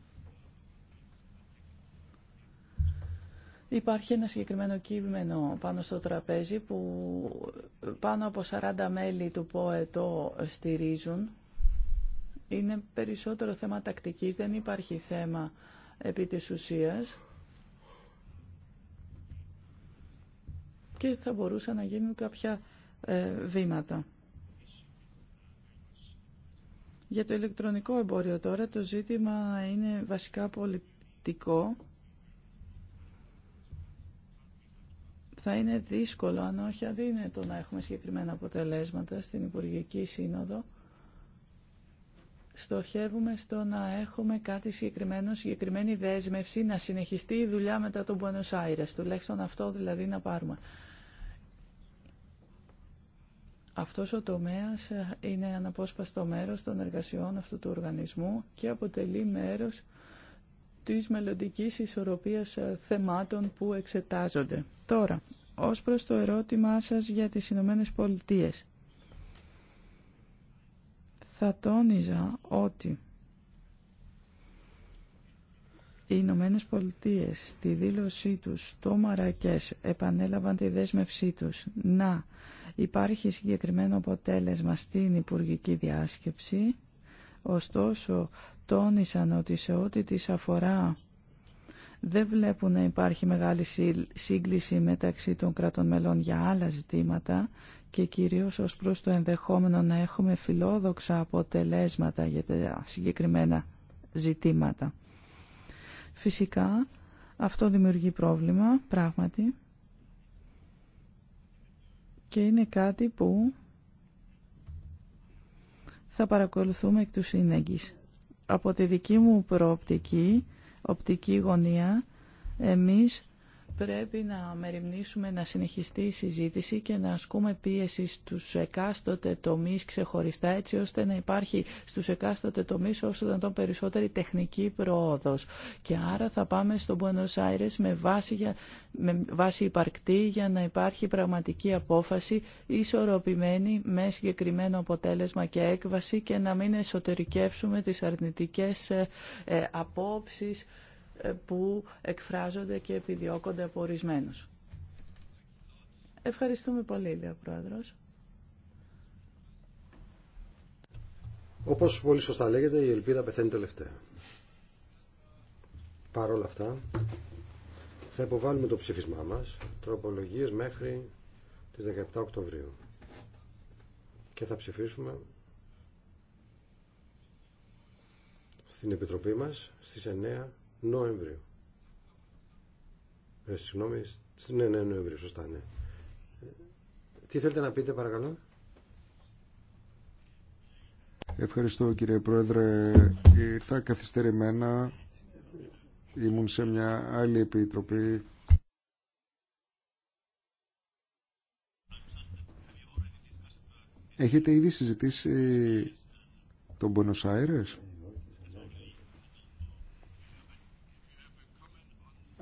Υπάρχει ένα συγκεκριμένο κείμενο πάνω στο τραπέζι που πάνω από 40 μέλη του ΠΟΕ στηρίζουν είναι περισσότερο θέμα τακτικής, δεν υπάρχει θέμα επί της ουσίας. Και θα μπορούσαν να γίνουν κάποια ε, βήματα. Για το ηλεκτρονικό εμπόριο τώρα το ζήτημα είναι βασικά πολιτικό. Θα είναι δύσκολο, αν όχι αδύνατο, να έχουμε συγκεκριμένα αποτελέσματα στην Υπουργική Σύνοδο στοχεύουμε στο να έχουμε κάτι συγκεκριμένο, συγκεκριμένη δέσμευση, να συνεχιστεί η δουλειά μετά τον Buenos Aires, τουλάχιστον αυτό δηλαδή να πάρουμε. Αυτός ο τομέας ε, είναι αναπόσπαστο μέρος των εργασιών αυτού του οργανισμού και αποτελεί μέρος της μελλοντική ισορροπίας ε, θεμάτων που εξετάζονται. Τώρα, ως προς το ερώτημά σας για τις Ηνωμένε Πολιτείες θα τόνιζα ότι οι Ηνωμένε Πολιτείε στη δήλωσή τους στο Μαρακές επανέλαβαν τη δέσμευσή τους να υπάρχει συγκεκριμένο αποτέλεσμα στην Υπουργική Διάσκεψη, ωστόσο τόνισαν ότι σε ό,τι της αφορά δεν βλέπουν να υπάρχει μεγάλη σύγκληση μεταξύ των κρατών μελών για άλλα ζητήματα και κυρίως ως προς το ενδεχόμενο να έχουμε φιλόδοξα αποτελέσματα για τα συγκεκριμένα ζητήματα. Φυσικά, αυτό δημιουργεί πρόβλημα, πράγματι, και είναι κάτι που θα παρακολουθούμε εκ του σύνεγγης. Από τη δική μου προοπτική, οπτική γωνία, εμείς πρέπει να μεριμνήσουμε να συνεχιστεί η συζήτηση και να ασκούμε πίεση στους εκάστοτε τομείς ξεχωριστά έτσι ώστε να υπάρχει στους εκάστοτε τομείς όσο δυνατόν περισσότερη τεχνική προόδος. Και άρα θα πάμε στο Buenos Aires με βάση, για, με βάση υπαρκτή για να υπάρχει πραγματική απόφαση ισορροπημένη με συγκεκριμένο αποτέλεσμα και έκβαση και να μην εσωτερικεύσουμε τις αρνητικές ε, ε, απόψεις ε, που εκφράζονται και επιδιώκονται από ορισμένου. Ευχαριστούμε πολύ, λέει Πρόεδρος. Όπως πολύ σωστά λέγεται, η ελπίδα πεθαίνει τελευταία. Παρ' όλα αυτά, θα υποβάλουμε το ψήφισμά μας, τροπολογίες μέχρι τις 17 Οκτωβρίου. Και θα ψηφίσουμε στην Επιτροπή μας στις 9 Νοέμβριο. Ε, συγγνώμη, ναι, ναι, νοέμβριο. σωστά, ναι. Ε, τι θέλετε να πείτε, παρακαλώ. Ευχαριστώ, κύριε Πρόεδρε. Ήρθα καθυστερημένα. Ήμουν σε μια άλλη επιτροπή. Έχετε ήδη συζητήσει τον Buenos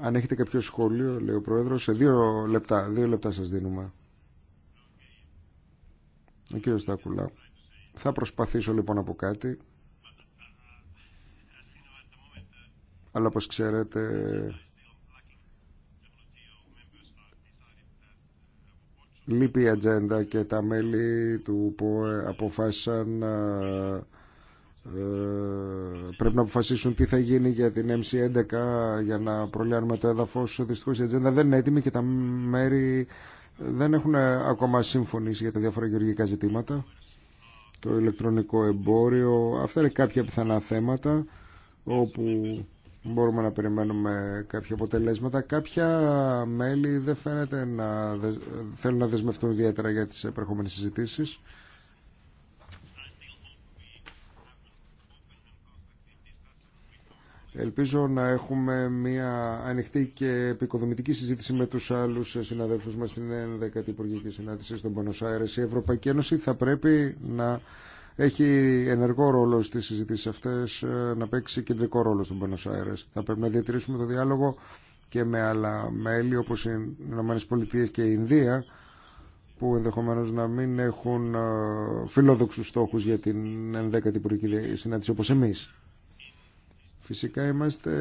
Αν έχετε κάποιο σχόλιο, λέει ο Πρόεδρος, σε δύο λεπτά, δύο λεπτά σας δίνουμε. Ο κύριος Στάκουλα. Θα προσπαθήσω λοιπόν από κάτι. Αλλά όπως ξέρετε... Λείπει η ατζέντα και τα μέλη του που αποφάσισαν ε, πρέπει να αποφασίσουν τι θα γίνει για την MC11 για να προλιάνουμε το έδαφος. Δυστυχώς η ατζέντα δεν είναι έτοιμη και τα μέρη δεν έχουν ακόμα συμφωνήσει για τα διάφορα γεωργικά ζητήματα. Το ηλεκτρονικό εμπόριο, αυτά είναι κάποια πιθανά θέματα όπου μπορούμε να περιμένουμε κάποια αποτελέσματα. Κάποια μέλη δεν φαίνεται να θέλουν να δεσμευτούν ιδιαίτερα για τις επερχόμενες συζητήσεις. Ελπίζω να έχουμε μια ανοιχτή και επικοδομητική συζήτηση με τους άλλους συναδέλφους μας στην 11η Υπουργική Συνάντηση στον Πονοσάιρες. Η Ευρωπαϊκή Ένωση θα πρέπει να έχει ενεργό ρόλο στις συζητήσεις αυτές, να παίξει κεντρικό ρόλο στον Πονοσάιρες. Θα πρέπει να εχει ενεργο ρολο στη συζητηση αυτες να παιξει κεντρικο ρολο στον πονοσαιρες θα πρεπει να διατηρησουμε το διάλογο και με άλλα μέλη όπως οι ΗΠΑ και η Ινδία που ενδεχομένως να μην έχουν ε, φιλόδοξους στόχους για την 11η Υπουργική Συνάντηση όπως εμείς. Φυσικά είμαστε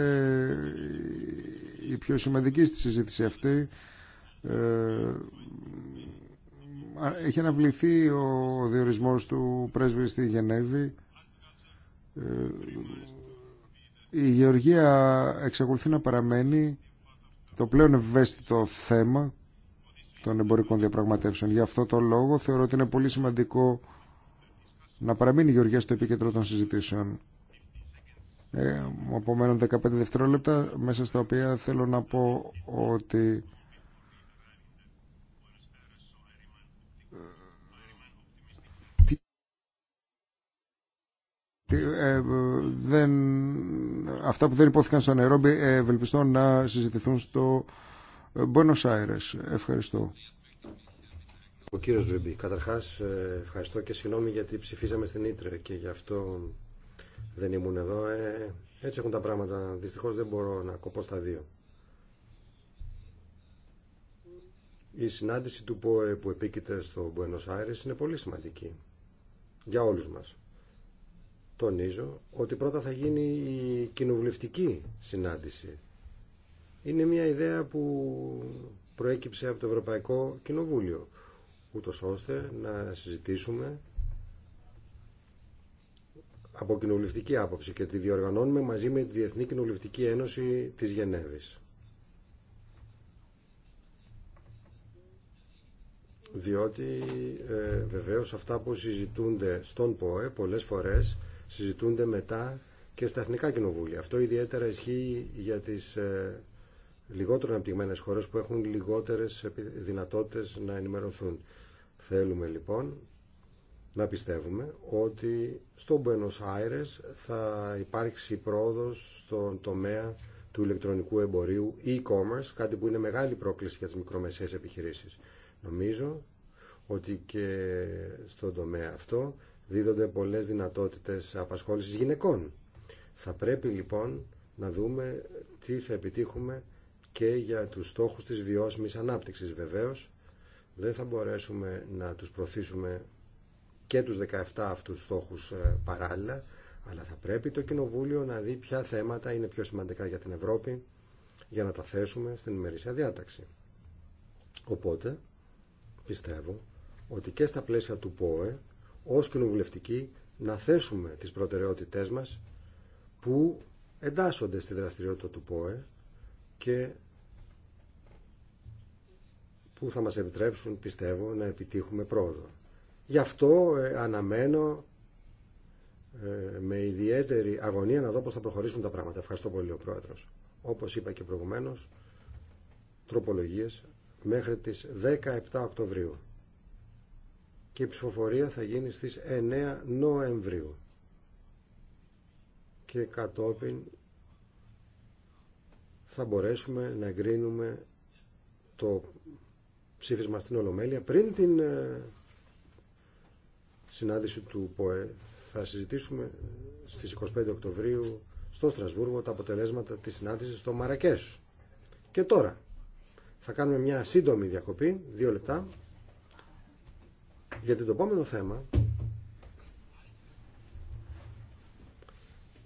οι πιο σημαντικοί στη συζήτηση αυτή. Ε, έχει αναβληθεί ο διορισμός του πρέσβη στη Γενέβη. Ε, η Γεωργία εξακολουθεί να παραμένει το πλέον ευαίσθητο θέμα των εμπορικών διαπραγματεύσεων. Γι' αυτό το λόγο θεωρώ ότι είναι πολύ σημαντικό να παραμείνει η Γεωργία στο επίκεντρο των συζητήσεων. Ε, μου απομένουν 15 δευτερόλεπτα μέσα στα οποία θέλω να πω ότι Ε, ε δεν, αυτά που δεν υπόθηκαν στο Νερόμπι ε, ευελπιστώ να συζητηθούν στο Buenos Aires. Ευχαριστώ. Ο κύριος Ζουμπί, καταρχάς ε, ευχαριστώ και συγγνώμη γιατί ψηφίζαμε στην Ήτρε και γι' αυτό δεν ήμουν εδώ. Ε, έτσι έχουν τα πράγματα. Δυστυχώς δεν μπορώ να κοπώ στα δύο. Η συνάντηση του ΠΟΕ που επίκειται στο Μπουένος Άιρες είναι πολύ σημαντική για όλους μας. Τονίζω ότι πρώτα θα γίνει η κοινοβουλευτική συνάντηση. Είναι μια ιδέα που προέκυψε από το Ευρωπαϊκό Κοινοβούλιο, ούτως ώστε να συζητήσουμε από κοινοβουλευτική άποψη και τη διοργανώνουμε μαζί με τη Διεθνή Κοινοβουλευτική Ένωση της Γενέβης. Διότι ε, βεβαίως αυτά που συζητούνται στον ΠΟΕ πολλές φορές συζητούνται μετά και στα Εθνικά Κοινοβούλια. Αυτό ιδιαίτερα ισχύει για τις ε, λιγότερο αναπτυγμένες χώρες που έχουν λιγότερες δυνατότητες να ενημερωθούν. Θέλουμε λοιπόν να πιστεύουμε ότι στο Buenos Aires θα υπάρξει πρόοδος στον τομέα του ηλεκτρονικού εμπορίου e-commerce, κάτι που είναι μεγάλη πρόκληση για τις μικρομεσαίες επιχειρήσεις. Νομίζω ότι και στον τομέα αυτό δίδονται πολλές δυνατότητες απασχόλησης γυναικών. Θα πρέπει λοιπόν να δούμε τι θα επιτύχουμε και για τους στόχους της βιώσιμης ανάπτυξης. Βεβαίως δεν θα μπορέσουμε να τους προωθήσουμε και τους 17 αυτούς στόχους ε, παράλληλα, αλλά θα πρέπει το Κοινοβούλιο να δει ποια θέματα είναι πιο σημαντικά για την Ευρώπη για να τα θέσουμε στην ημερήσια διάταξη. Οπότε, πιστεύω ότι και στα πλαίσια του ΠΟΕ, ως κοινοβουλευτικοί, να θέσουμε τις προτεραιότητές μας που εντάσσονται στη δραστηριότητα του ΠΟΕ και που θα μας επιτρέψουν, πιστεύω, να επιτύχουμε πρόοδο. Γι' αυτό ε, αναμένω ε, με ιδιαίτερη αγωνία να δω πώς θα προχωρήσουν τα πράγματα. Ευχαριστώ πολύ ο Πρόεδρος. Όπως είπα και προηγουμένως, τροπολογίες μέχρι τις 17 Οκτωβρίου και η ψηφοφορία θα γίνει στις 9 Νοεμβρίου και κατόπιν θα μπορέσουμε να εγκρίνουμε το ψήφισμα στην Ολομέλεια πριν την ε, συνάντηση του ΠΟΕ θα συζητήσουμε στις 25 Οκτωβρίου στο Στρασβούργο τα αποτελέσματα της συνάντησης στο Μαρακές. Και τώρα θα κάνουμε μια σύντομη διακοπή, δύο λεπτά, γιατί το επόμενο θέμα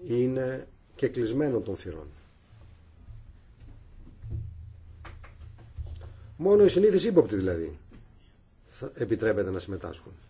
είναι και κλεισμένο των θυρών. Μόνο οι συνήθεις ύποπτη δηλαδή επιτρέπεται να συμμετάσχουν.